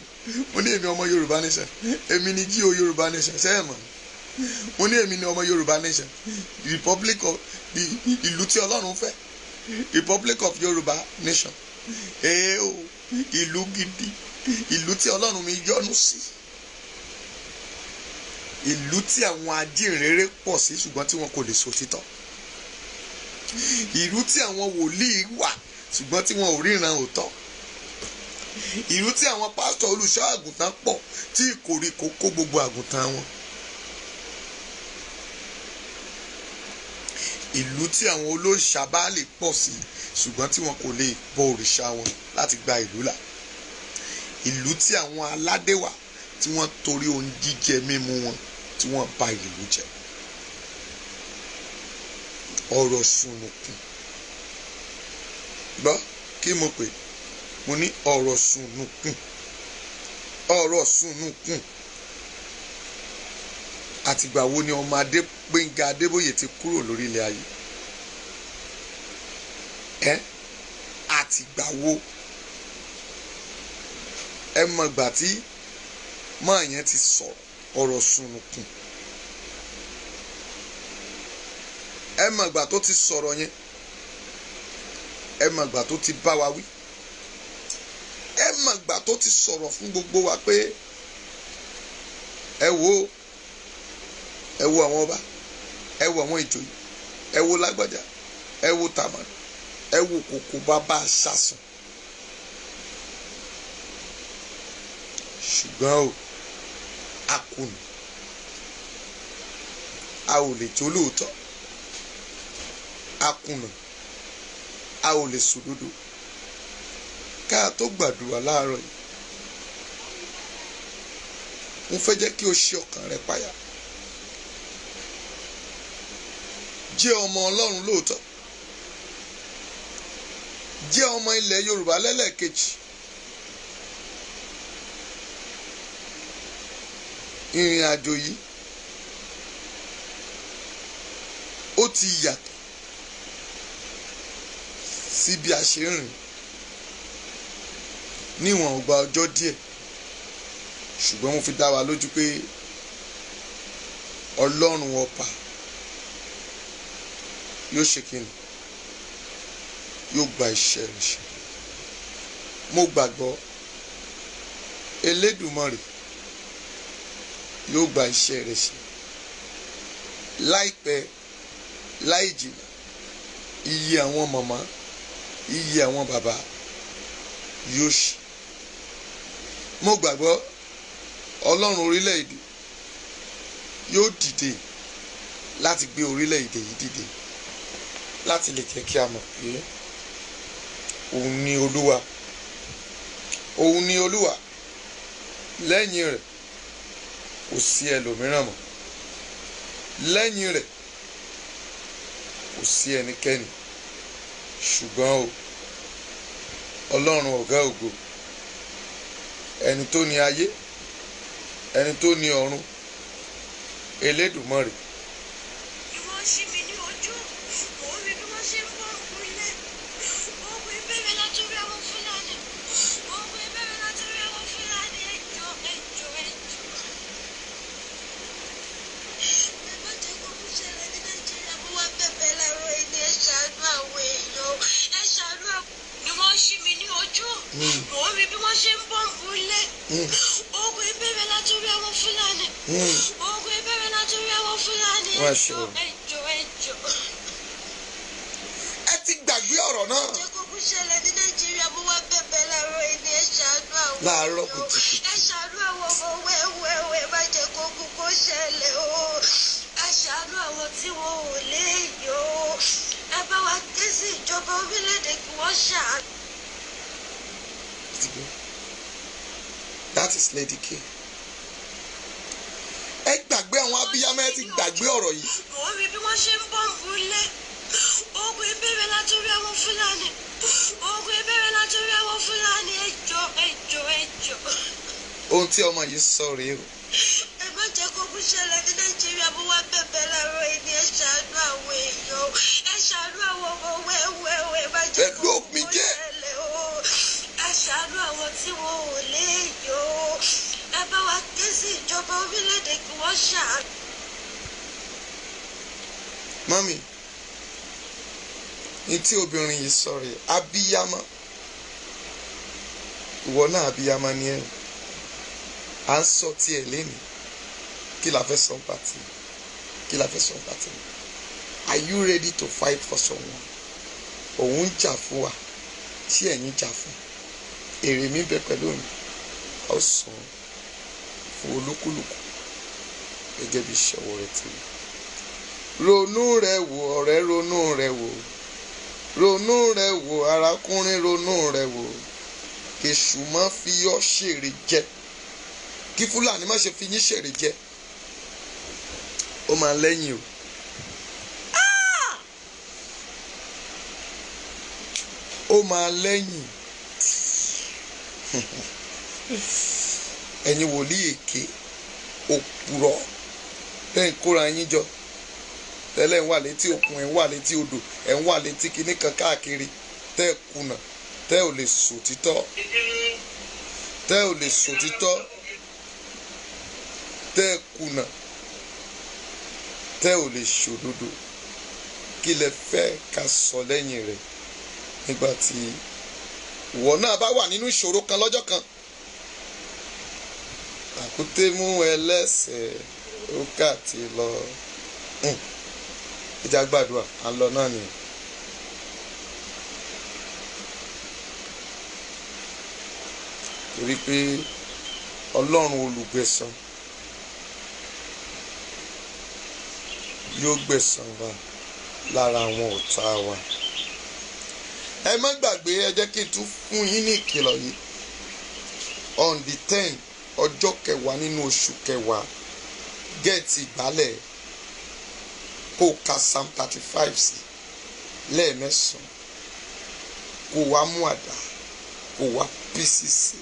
mo ní èmi ọmọ yorùbá nation èmi ni gio yorùbá nation sẹ́yìn mọ́ mo ní èmi ni ọmọ yorùbá nation republic of the ìlú tí ọlọ́run fẹ́ republic of yorùbá nation ee o ìlú gidi ìlú tí ọlọ́run mi yọ́nú sí ìlú tí àwọn ajínrere pọ̀ sí ṣùgbọ́n tí wọn kò lè sọ títọ́ ìlú tí àwọn wòlíì wà ṣùgbọ́n tí wọn ò ríran òótọ́ ìlú tí àwọn pásítọ̀ olùṣọ́ àgùntàn pọ̀ tí ìkòríkò kó gbogbo àgùntàn wọn. ìlú tí àwọn olóòṣà bá lè pọ̀ sí ṣùgbọ́n tí wọn kò lè bọ òrìṣà wọn láti gba ìlú là ìlú tí àwọn aládé tí wọ́n torí ohun jíjẹ mímu wọn tí wọ́n bà ìlú jẹ́ ọ̀rọ̀ sùnùkùn gbọ́ kí mo pè mo ní ọ̀rọ̀ sùnùkùn ọ̀rọ̀ sùnùkùn àtìgbà wo ni ọmọ adé Gbẹ́ngà Adébóyè ti kúrò lórí ilẹ̀ ayé ẹ àtìgbà wo ẹ mọ̀gbà tí mọ̀ ti sọ̀rọ̀ ọ̀rọ̀ sùnùkùn. So, ẹ mọ̀ ìgbà tó ti sọ̀rọ̀ yẹn ẹ mọ̀ ìgbà tó ti bá wa wí ẹ mọ̀ ìgbà tó ti sọ̀rọ̀ fún gbogbo wa pé ẹ wo ẹ wo àwọn ọba ẹ wo àwọn ìjòyè ẹ wo lágbàjá ẹ wo tàmà ẹ wo kòkó bàbá ṣàṣùn ṣùgbọ́n o a kùnà a ò lè jólóòtọ́ a kùnà a ò lè sòdodo ká a tó gbàdúrà láàárọ̀ yìí mo fẹ́ jẹ́ kí o ṣe ọkàn rẹ payà jẹ́ ọmọ ọlọ́run lóòótọ́ jẹ́ ọmọ ilẹ̀ yorùbá lẹ́lẹ́kejì ìrìn àjò yìí ó ti yàtọ̀ sí bí a ṣe ń rìn níwọ̀n ọgbà ọjọ́ díẹ̀ ṣùgbọ́n mo fi dá wa lójú pé ọlọ́run ọ̀pá yóò ṣe kíni yóò gba iṣẹ́ rẹ̀ ṣe mo gbàgbọ́ elédùmarè yóò gba iṣẹ́ rẹ̀ ṣe láìpẹ́ láì iye àwọn màmá iyì àwọn bàbá yóò mo gbàgbọ́ ọlọ́run orílẹ̀-èdè yóò dìde láti gbé orílẹ̀-èdè yìí dìde láti lè jẹ́ kí a mọ̀ pé òun ni olúwa òun ni olúwa lẹ́yìn rẹ̀ kò sí ẹlòmíràn mọ́ lẹ́yìn rẹ̀ kò sí ẹnikẹ́ni ṣùgbọ́n o ọlọ́run ọ̀gá ògo ẹni tó ní ayé ẹni tó ní ọ̀run elédùmarè. ìwọ ṣí mi. máa ṣe o. ẹ ti gbàgbé ọ̀rọ̀ náà. láàárọ̀ kùtùkùtù. That is Lady K. ẹ ti gbàgbé ọ̀rọ̀ yìí. mo bí wọ́n ṣe ń bọ́ǹbù ilé ogun ìbéèrè látòrí àwọn fúlàní ogun ìbéèrè látòrí àwọn fúlàní ẹjọ́ ẹjọ́ ẹjọ́. ohun tí ọmọ yìí sọ rèé o. ẹ má jẹ́ kó kú ṣẹlẹ̀ ní nàìjíríà bó wá bẹ̀bẹ̀ láàárọ̀ ẹni ẹ ṣàánú àwọn èèyàn ẹ ṣàánú àwọn ọmọ wẹ́wẹ́wẹ́ má jẹ́ kó kú ṣẹlẹ̀ o ẹ ṣàánú àwọn tí wọn ò léèyàn o ẹ bá wa ké sí ìjọba orílẹ̀-èdè kí wọ́n ṣàánú mọ́mì ní tí obìnrin yìí sọ rèé abiyamọ ìwọ náà abiyamọ ni ẹ à ń sọ tiẹ̀ lẹ́nu kí la fẹ́ sọ pàtì kí la fẹ́ sọ pàtì are you ready to fight for someone òun ń jà fún wa tí ẹ̀yin jà fún èrè mi bẹ pẹ̀lú mi ọ̀sán fún olúkúlùkù gẹ́gẹ́ bí ìṣòwò rẹ ti rí ronú rẹ wò ọ̀rẹ́ ronú rẹ wò ronú rẹ wò arákùnrin ronú rẹ wò kèṣù má fi ọ́ ṣèrè jẹ kí fúlàní má ṣe fi yín ṣèrè jẹ ó máa lẹ́yìn o. ó máa lẹ́yìn ẹ̀yin wòlíì èké òpùrọ̀ bẹ́ẹ̀ kóra yín jọ tẹ́lẹ̀ ń wà létí òkun ẹ̀ ń wà létí odò ẹ̀ ń wà létí kinní kan káàkiri tẹ́ ẹ̀ kùnà tẹ́ ò lè sòtítọ́ tẹ́ ò lè sòtítọ́ tẹ́ ẹ̀ kùnà tẹ́ ò lè ṣòdodo kí lẹ fẹ́ ká sọ lẹ́yìn rẹ̀ nígbà tí ìwọ náà bá wà nínú ìṣòro kan lọ́jọ́ kan àkúté mú ẹlẹ́sẹ̀ ó kà ti lọ. Mm ẹja gbàdúrà à ń lọ náà nìyẹn. torí pé ọlọ́run olùgbẹ̀san yóò gbẹ̀san wa lára àwọn ọ̀tá wa. ẹ má gbàgbé ẹ jẹ́ kí n tún fún yín ní ìkìlọ̀ yìí on the ten ọjọ́ kẹwàá nínú oṣù kẹwàá gẹ̀ẹ́tì ìgbálẹ̀ kó o ka psalm thirty five sí lẹ́ẹ̀mẹ́sàn-án kó o wá mú àdá kó o wá písì sí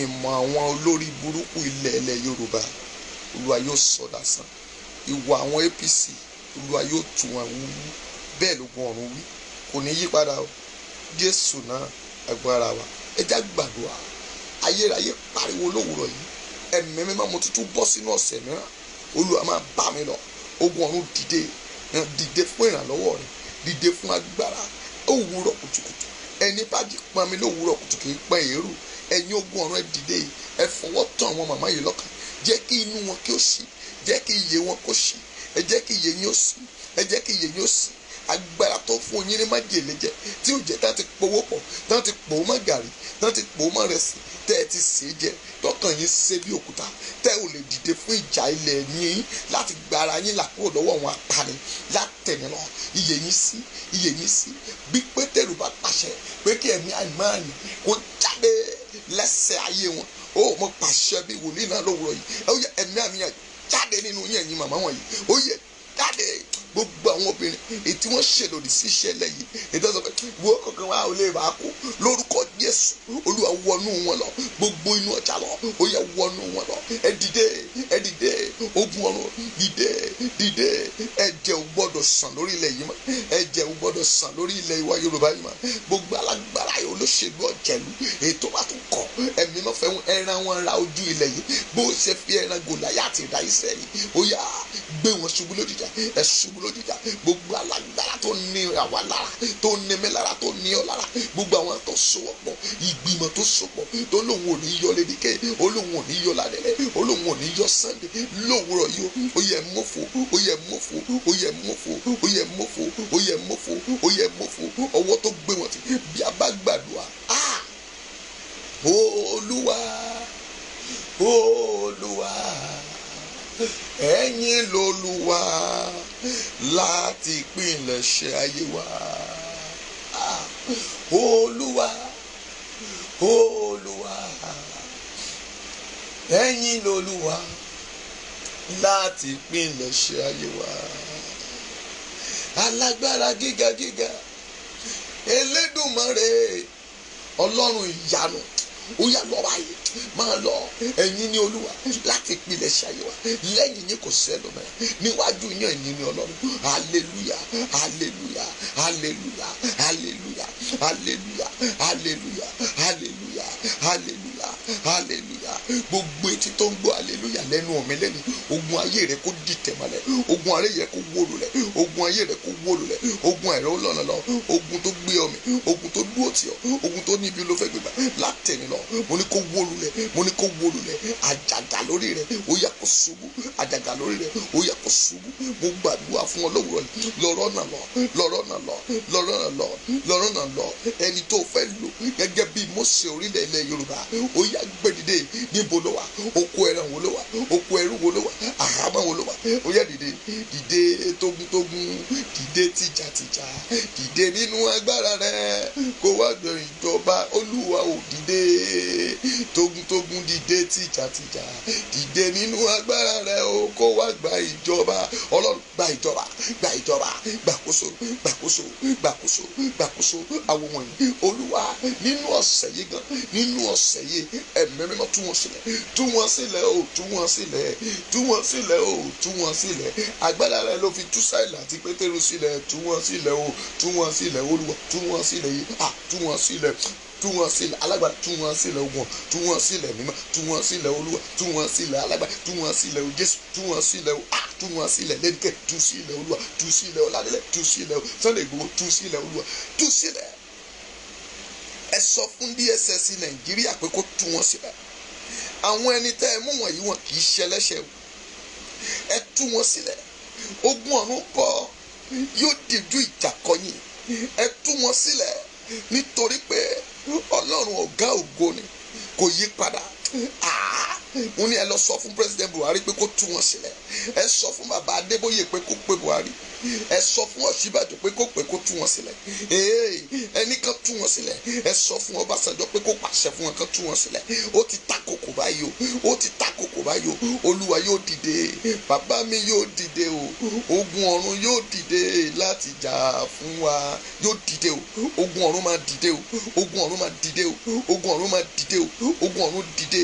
ìmọ̀ àwọn olórí burúkú ilẹ̀ ilẹ̀ Yorùbá Olúwa yóò sọ dasán ìwà àwọn APC Olúwa yóò tù wọn wúwú bẹ́ẹ̀ lógun ọ̀run wí kò ní yí padà o Jésù náà agbára wa ẹja gbàdúrà ayérayé pariwo lówùrọ̀ yìí ẹ̀mí mímọ́ mo tuntun bọ́ sínú ọ̀sẹ̀ mìíràn Olúwa máa bá mi lọ ogun ọ̀run dìde dìde fún ìrànlọ́wọ́ rẹ dìde fún agbára òwúrọ̀ kùtùkùtù ẹni bá jí pọn mi lówùúrọ̀ kùtùkù pọn èrò ẹ̀yin ogun ọ̀run ẹ dìde ẹ fọwọ́ tán àwọn màmá yìí lọ́kàn jẹ́ kí inú wọn kí ó ṣí jẹ́ kí iye wọn kó ṣí ẹ jẹ́ kí iye yín ó ṣí ẹ jẹ́ kí iye yín ó ṣí agbára tó fún yín ní májèlé jẹ tí ò jẹ́ tá ti powó pọ̀ tá ti pò ó gàrí tá ti pò ó rẹsì tẹ́ ẹ ti sè é jẹ tọkàn yín ṣe bí òkúta tẹ́ ò lè dìde fún ìjà ilẹ̀ yín láti gbára yín là kúrò lọ́wọ́ àwọn apani látẹ̀yìn lọ iyè yín sí iyè yín sí bí pétérù bá pàṣẹ pé kí ẹ̀mí àìmáàní kó jáde lẹ́sẹ̀ ayé wọn ó mo pàṣẹ bí wòlíì náà lówùrọ̀ yìí ẹ̀mí àmì jáde gbogbo àwọn obìnrin èyí tí wọ́n ṣèlòdì sí ìṣẹ̀lẹ̀ yìí èyí tó sọ pé wo kankan wa ò lè bá a kú lórúkọ Jésù Olúwa wọnú wọn lọ gbogbo inú ọjà lọ ó yẹ wọnú wọn lọ ẹ dìde ẹ dìde ogun ọ̀run dìde dìde ẹ̀jẹ̀ ò gbọ́dọ̀ sàn lórí ilẹ̀ yìí mọ́ ẹ̀jẹ̀ ò gbọ́dọ̀ sàn lórí ilẹ̀ ìwà Yorùbá yìí mọ́ gbogbo alágbára yìí olóṣèlú ọ̀jẹ̀lú ètò wa tún kọ̀ ẹ̀mí náà fẹ́ ẹran wọn ra ojú ilẹ̀ yìí bó ṣe fi ẹran Gòláyátì ra Ísírẹ́lì ó yá gbé wọn ṣubú lójijì ẹ ṣubú lójú ìjà gbogbo alágbára tó ní àwa lára tó ní mi lára tó ní ọ lára gbogbo àwọn tó sowọ́pọ̀ ìgbìmọ̀ tó sopọ̀ tó lóun ò ní yọ lédèké olóun ò ní yọ ládẹ́lẹ́ olóun ò ní yọ sànńdẹ̀ lówùrọ̀ yìí ó yẹ mọ́fò ó yẹ mọ́fò ó yẹ mọ́fò ó yẹ mọ́fò ó yẹ mọ́fò ó yẹ mọ́fò ọwọ́ tó gbé wọn ti bí a bá gbàdúrà olúwa olúwa ẹ̀yin lolúwa láti ìpilẹ̀ṣẹ̀ ayé wa olúwa olúwa ẹ̀yin lolúwa láti ìpilẹ̀ṣẹ̀ ayé wa alágbára gíga gíga elédùnmọ́re ọlọ́run ìyanu ó yà lọ́wọ́ ayé máa lọ ẹ̀yin ní olúwa láti pilẹ̀ ṣayé wa lẹ́yìn yín kò sẹ́lọ̀mẹ́ níwájú yín ẹ̀yin ní ọlọ́run aleluya aleluya aleluya aleluya aleluya aleluya aleluya aleluya hallelujah hallelujah gbogbo etí tó ń gbọ́ hallelujah lẹ́nu ọ̀mí lẹ́nu ogun ayé rẹ kó dìtẹ̀ mọ́lẹ̀ ogun ayé rẹ kó wólò lẹ̀ ogun ayé rẹ kó wólò lẹ̀ ogun ẹ̀rọ lọ́nà lọ ogun tó gbé ọmọ ogun tó dúró tì ọ́ ogun tó níbi ló fẹ́ gbégbá látẹ̀ni lọ mo ní kó wólò lẹ̀ mo ní kó wólò lẹ̀ àjàgà lórí rẹ ó yá kó ṣubú àjàgà lórí rẹ ó yá kó ṣubú mo gbàdúrà fún ọ lówùrọ̀ lọ́rọ̀ lọ lọ́rọ̀ náà lọ lọ́rọ̀ náà lọ lọ́rọ̀ náà lọ ẹni tó fẹ́ lò gẹ́gẹ́ bí Mósè orílẹ̀ ilẹ̀ Yorùbá Oya, yá gbẹdìde níbo ló wà oko ẹran wo ló wà oko ẹrú wo ló wa, àhámọ́ wo ló wà ó yá dìde dìde tógúntógún dìde tìjàtìjà dìde nínú agbára rẹ kó wá gbẹ ìjọba olúwa ò dìde tógúntógún dìde tìjàtìjà dìde nínú agbára rẹ o kó wá gba ìjọba ọlọ́run gba ìjọba gba ìjọba gbàkóso gbàkóso gbàkóso gbàkóso àwọn wọ̀nyí olúwa nínú ọ̀sẹ̀ yìí gan nínú ọ̀sẹ̀ yìí ẹ̀mí mímọ́ tú wọn sílẹ̀ tú wọn sílẹ̀ o tú wọn sílẹ̀ tú wọn sílẹ̀ o tú wọn sílẹ̀ agbára rẹ ló fi tú sáìlì àti pétérù sílẹ̀ tú wọn sílẹ̀ o tú wọn sílẹ̀ olúwa tú wọn sílẹ̀ yìí à tú wọn sílẹ̀ tú wọn sílẹ̀ alágbára tú wọn sílẹ̀ ogun tú wọn sílẹ̀ mímọ́ tú wọn sílẹ̀ olúwa tú wọn sílẹ̀ alágbára tú wọn sílẹ̀ o jésù tú wọn sílẹ̀ o tú wọn sílẹ̀ lẹ́díkẹ́ tú sílẹ̀ olúwa tú sílẹ̀ ọládélé tú sílẹ̀ o sunday gbogbo tú sílẹ̀ olúwa tú sílẹ̀ ẹ sọ fún DSS nàìjíríà pé kó tú wọn sílẹ̀ àwọn ẹni tẹ́ ẹ mú wọ̀nyí wọn kì í ṣẹlẹ́ṣẹ̀ o ẹ tú wọn sílẹ̀ ogun ọ̀run bọ̀ yóò dìjú ìjà kọyìn ẹ tú wọn sílẹ̀ nítorí pé ọlọ́run ọ̀gá ògo ni kò yí padà Ah! mo ní ẹ lọ sọ fún president Buhari pé kó tú wọn sílẹ̀ ẹ sọ fún bàbá Adébóyè pé kó pè Buhari ẹ sọ fún Ọ̀ṣínbàjò pé kó pè kó tú wọn sílẹ̀ ẹnì kan tú wọn sílẹ̀ ẹ sọ fún Ọbásanjọ́ pé kó pàṣẹ fún wọn kan tú wọn sílẹ̀ ó ti ta kòkò báyìí o ó ti ta kòkò báyìí o Olúwa yóò dìde bàbá mi yóò dìde o ogun ọ̀run yóò dìde láti jà fún wa yóò dìde o ogun ọ̀run máa dìde o ogun ọ̀run máa dìde o ogun ọ̀run máa dìde o ogun ọ̀run dìde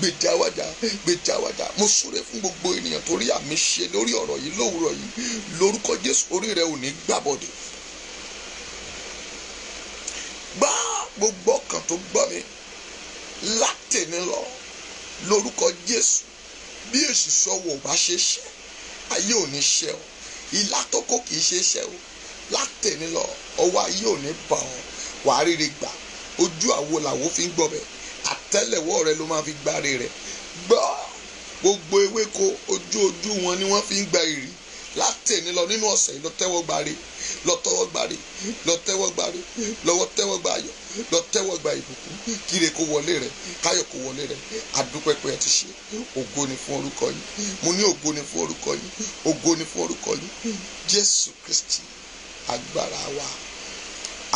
gbèjáwàjà gbèjáwàjà mo súre fún gbogbo ènìyàn torí àmì ṣe lórí ọ̀rọ̀ yìí lówùrọ̀ yìí lórúkọ jésù orí rẹ ò ní gbàbọ̀dẹ̀ gbá gbogbo ọkàn tó gbọ́ mi látẹ̀ni lọ lórúkọ jésù bí èsì sọ́wọ́ ò bá ṣe ṣe ayé ò ní ṣe o ilá tó kó kìí ṣe ṣe o látẹ̀ni lọ ọwọ́ ayé ò ní bà ọ́ wàá rírí gbà ojú àwo làwo fi ń gbọ́ bẹ́ẹ̀ àtẹ́lẹ̀wọ́ rẹ ló máa fi gbáre rẹ gbọ́ gbogbo ewéko ojú ojú wọn ni wọ́n fi ń gba ìrì látẹ̀ni lọ nínú ọ̀sẹ̀ yìí lọ tẹ́wọ́ gbáre lọ tọwọ́ gbáre lọ tẹ́wọ́ gbáre lọ́wọ́ tẹ́wọ́ gba ayọ̀ lọ tẹ́wọ́ gba ìbùkún kíre kó wọlé rẹ káyọ̀ kó wọlé rẹ adúpẹ́pẹ́ ti ṣe ògo ni fún orúkọ yín mo ní ògo ni fún orúkọ yín ògo ni fún orúkọ yín Jésù Kristi agbára wa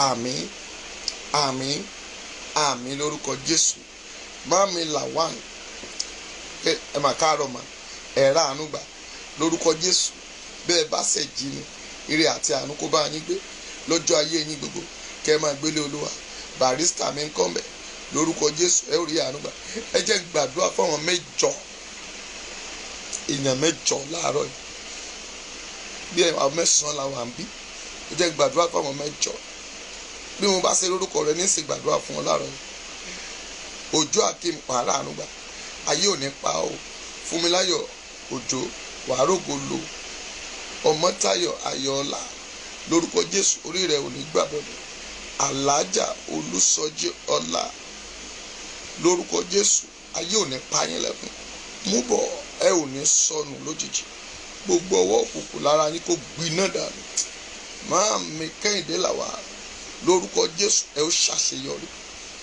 àmín àmín àmín lórúkọ Jésù mami wan, ẹ mà káàárọ̀ mà ẹ rà àánú gbà lórúkọ jésù bẹ́ẹ̀ bá ṣẹ̀ jí ni ire àti àánú kó bá yín gbé lọ́jọ́ ayé yín gbogbo kẹ́ ẹ máa gbélé olúwa barista mi ń kọ́ mbẹ́ lórúkọ jésù ẹ ò rí àánú gbà ẹ jẹ́ gbàdúrà fáwọn mẹ́jọ èèyàn mẹ́jọ láàárọ̀ yìí bí àwọn mẹ́sàn-án làwọn à ń bí ẹ jẹ́ gbàdúrà fáwọn mẹ́jọ bí mo bá ṣe lórúkọ rẹ ní í gbàdúrà fún ọ láàárọ̀ yìí ojú akeem wàhálà àrùn gbà ayé ò ní pa o fúnmiláyọ̀ òjò wàrógo lo ọmọtayọ̀ ayọ̀ọ́lá lórúkọ jésù orí rẹ ò ní gbàbọdọ alájà olùsọjí ọlá lórúkọ jésù ayé ò ní pa yín lẹ́kùn mú bọ̀ ẹ ò ní sọnù lójijì gbogbo ọwọ́ òkùnkùn lára yín kò gbiná dànù máa mi kẹ́hìndé làwà lórúkọ jésù ẹ ó ṣàṣeyọrí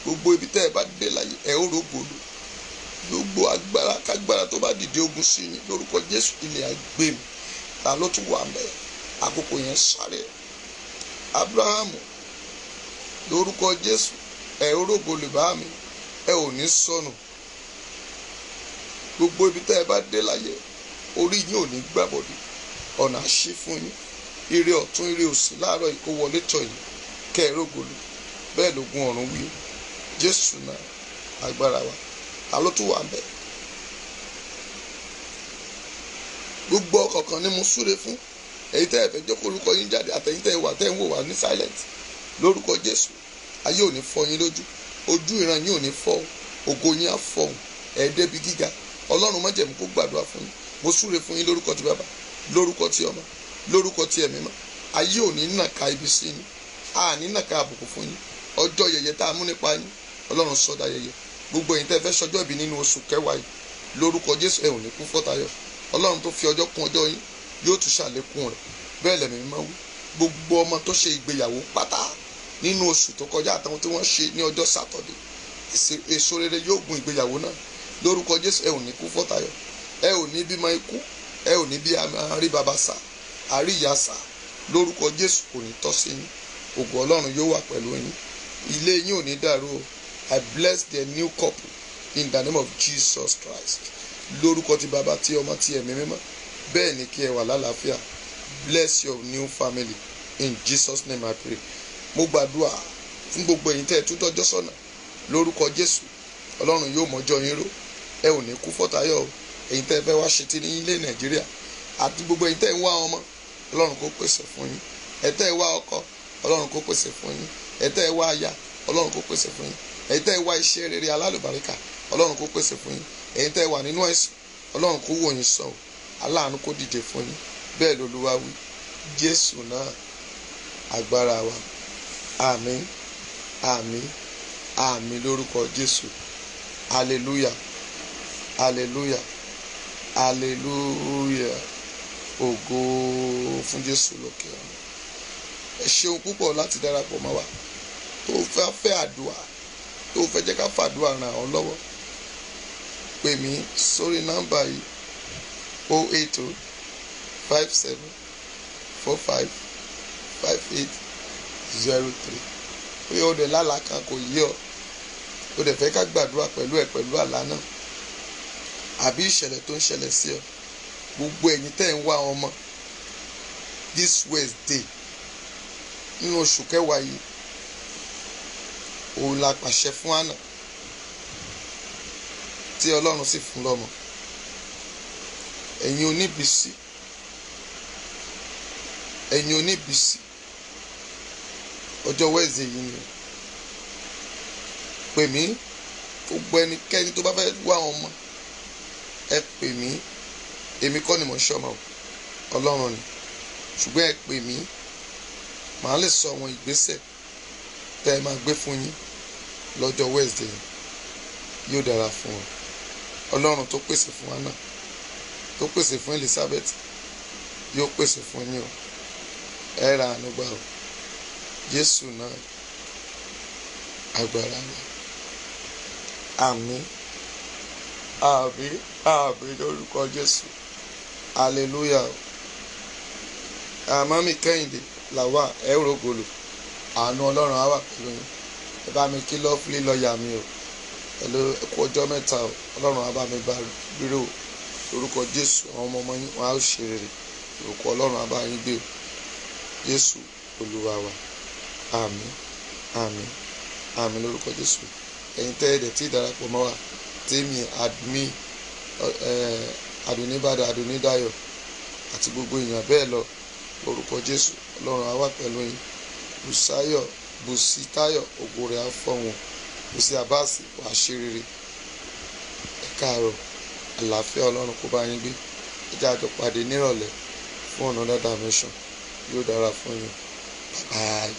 gbogbo ibi tẹ́ ẹ bá dé láyé ẹ ó rògbòdò gbogbo agbára kágbára tó bá dìde ogun sí ni lórúkọ jésù ilẹ̀ agbèmí ta ló tún wà mẹ́ àkókò yẹn sáré abrahamu lórúkọ jésù ẹ ó rògbòdò bá mi ẹ ò ní sọnù gbogbo ibi tẹ́ ẹ bá dé láyé orí yín ò ní gbàbọ̀dé ọ̀nà àṣí fún yín ire ọ̀tún ire òsì láàárọ̀ ìkó tọ̀ yìí kẹ́ ẹ rògbòdò bẹ́ẹ̀ lógún ọ̀run wí jésù náà agbára wa ta ló tún wà bẹ́ẹ̀ gbogbo ọkọ̀ọ̀kan ni mo súre fún èyí tẹ́ ẹ̀ fẹ́ jókòó orúkọ yín jáde àtẹ̀yìn tẹ́ ẹ wà tẹ́ ẹ ń wò wá ní silent lórúkọ jésù ayé ò ní fọ́ yín lójú ojú ìran yín ò ní fọ́ ògo yín á fọ̀hún ẹ̀ débi gíga ọlọ́run má jẹ̀mú kó gbàdúrà fún yín mo súre fún yín lórúkọ ti bàbá lórúkọ ti ọmọ lórúkọ ti ẹ̀mí mọ́ ayé ò ní nàka ibi sí ni a ní nàka àbùkù fún yín ọjọ́ yẹ̀yẹ́ tá a mú nípa yín ọlọ́run sọ́dá ayẹyẹ gbogbo ẹ̀yin tẹ́ fẹ́ sọjọ́ ìbí nínú oṣù kẹwàá yìí lórúkọ jésù ẹ̀ ò ní kú fọ́tayọ̀ ọlọ́run tó fi ọjọ́ kún ọjọ́ yín yóò tún ṣàlékún rẹ̀ bẹ́ẹ̀ lẹ̀mí máa wí gbogbo ọmọ tó ṣe ìgbéyàwó pátá nínú oṣù tó kọjá àtàwọn tí wọ́n ṣe ní ọjọ́ sátọ̀dẹ̀ èso rere yóò gun ìgbéyàwó náà lórúkọ jésù ẹ ò ní kú fọ́tayọ̀ ẹ ò ní bímọ ikú ẹ ò ní bí àárí baba sà àárí ìyá sà lórúkọ jésù kò ní tọ́ sí yín ògo ọlọ́run yóò wà pẹ̀lú yín ilé yín ò ní dàrú o I bless the new couple in the name of Jesus Christ lórúkọ ti bàbá tí ọmọ tí ẹ̀mí mímọ́ bẹ́ẹ̀ ni kí ẹ wà lálàáfíà bless your new family in Jesus name I pray mo gbàdúrà fún gbogbo ẹ̀yin tẹ́ ẹ tún tọ́jọ́ sọ́nà lórúkọ Jésù Ọlọ́run yóò mọ́jọ́ yín ró ẹ ò ní kú fọ́tayọ̀ o ẹ̀yin tẹ́ ẹ fẹ́ wá ṣe ti ní ilé Nàìjíríà àti gbogbo ẹ̀yin tẹ́ ẹ ń wá ọmọ Ọlọ́run kó pèsè fún yín ẹ ẹ wá ọkọ Ọlọ́run kó pèsè fún yín ẹ ẹ wá aya Ọlọ́run kó pèsè fún yín ẹ̀yin tẹ́ ẹ wá iṣẹ́ rere alálùbáríkà ọlọ́run kó pèsè fún yín ẹ̀yin tẹ́ ẹ wà nínú ẹ̀sùn ọlọ́run kó wò yín sọ aláàánú kó dìde fún yín bẹ́ẹ̀ lolúwa wí jésù náà agbára wa àmín àmín àmín lórúkọ jésù hallelujah hallelujah hallelujah ògo fún jésù lókè ọ̀run ẹ ṣeun púpọ̀ láti darapọ̀ mọ́ wa tó fẹ́ fẹ́ àdúrà tó fẹ́ jẹ́ ká fàdúrà ràn ọ́ lọ́wọ́ pè mí sórí nọ́mbà yìí o oh eight o oh five seven four five five eight zero three ó yẹ o dẹ̀ lálà kan kò yé ọ o dẹ̀ fẹ́ ká gbàdúrà pẹ̀lú ẹ̀ pẹ̀lú àlá náà àbí ìṣẹ̀lẹ̀ tó ń ṣẹlẹ̀ sí ọ gbogbo ẹ̀yin tẹ́ ń wá ọmọ this Wednesday nínú oṣù kẹwàá yìí òun la pàṣẹ fún àná tí ọlọ́run sì fún lọ́mọ ẹ̀yin oníbìsí ẹ̀yin oníbìsí ọjọ́ wẹ́ẹ̀sì yìí ni pè mí gbogbo ẹnikẹ́ni tó bá fẹ́ wá ọmọ ẹ pè mí èmi kọ́ ni mò ń ṣọmọ ọlọ́run ni ṣùgbọ́n ẹ pè mí màá lè sọ àwọn ìgbésẹ̀ tẹ́ ẹ máa gbé fún yín lọ́jọ́ wednesday yóò dára fún ọ ọlọ́run tó pèsè fún anna tó pèsè fún elizabeth yóò pèsè fún yín o ẹ ra àánú gbà o jésù náà agbára rẹ àmín àmín àmín lórúkọ jésù hallelujah o àmọ́ mi kẹ́hìndé làwa ẹ̀ rògbòlò àánú ọlọ́run á wà pẹ̀lú yín ẹ bá mi kí lọ́fílì lọ́ọ̀yà mi o ẹ̀lú ẹ̀kú ọjọ́ mẹ́ta o ọlọ́run á bá mi bá rírò lórúkọ jésù àwọn ọmọ ọmọ yín wọn á ṣe rere lórúkọ ọlọ́run á bá yín gbé o jésù olúwa wa àmín àmín àmín lórúkọ jésù ẹ̀yin tẹ́ ẹ̀dẹ̀ tí ìdarapọ̀ mọ́ wa tèmi àdùnmí àdùnníbàdàn àdùnnídàyọ̀ àti gbogbo èèyàn bẹ́ẹ̀ lọ lórúkọ jésù ọlọ́run á wà pẹ̀lú yín bùsáyọ̀ Bùsí Táyọ̀ ògo rẹ̀ á fọ́ wọn Bùsí Abbas wàá ṣe rere ẹ káàárọ̀ àlàáfíà Ọlọ́run kó bá yín gbé ẹ jẹ́ àjọ pàdé nírọ̀lẹ́ fún another dimension yóò dára fún yín bye.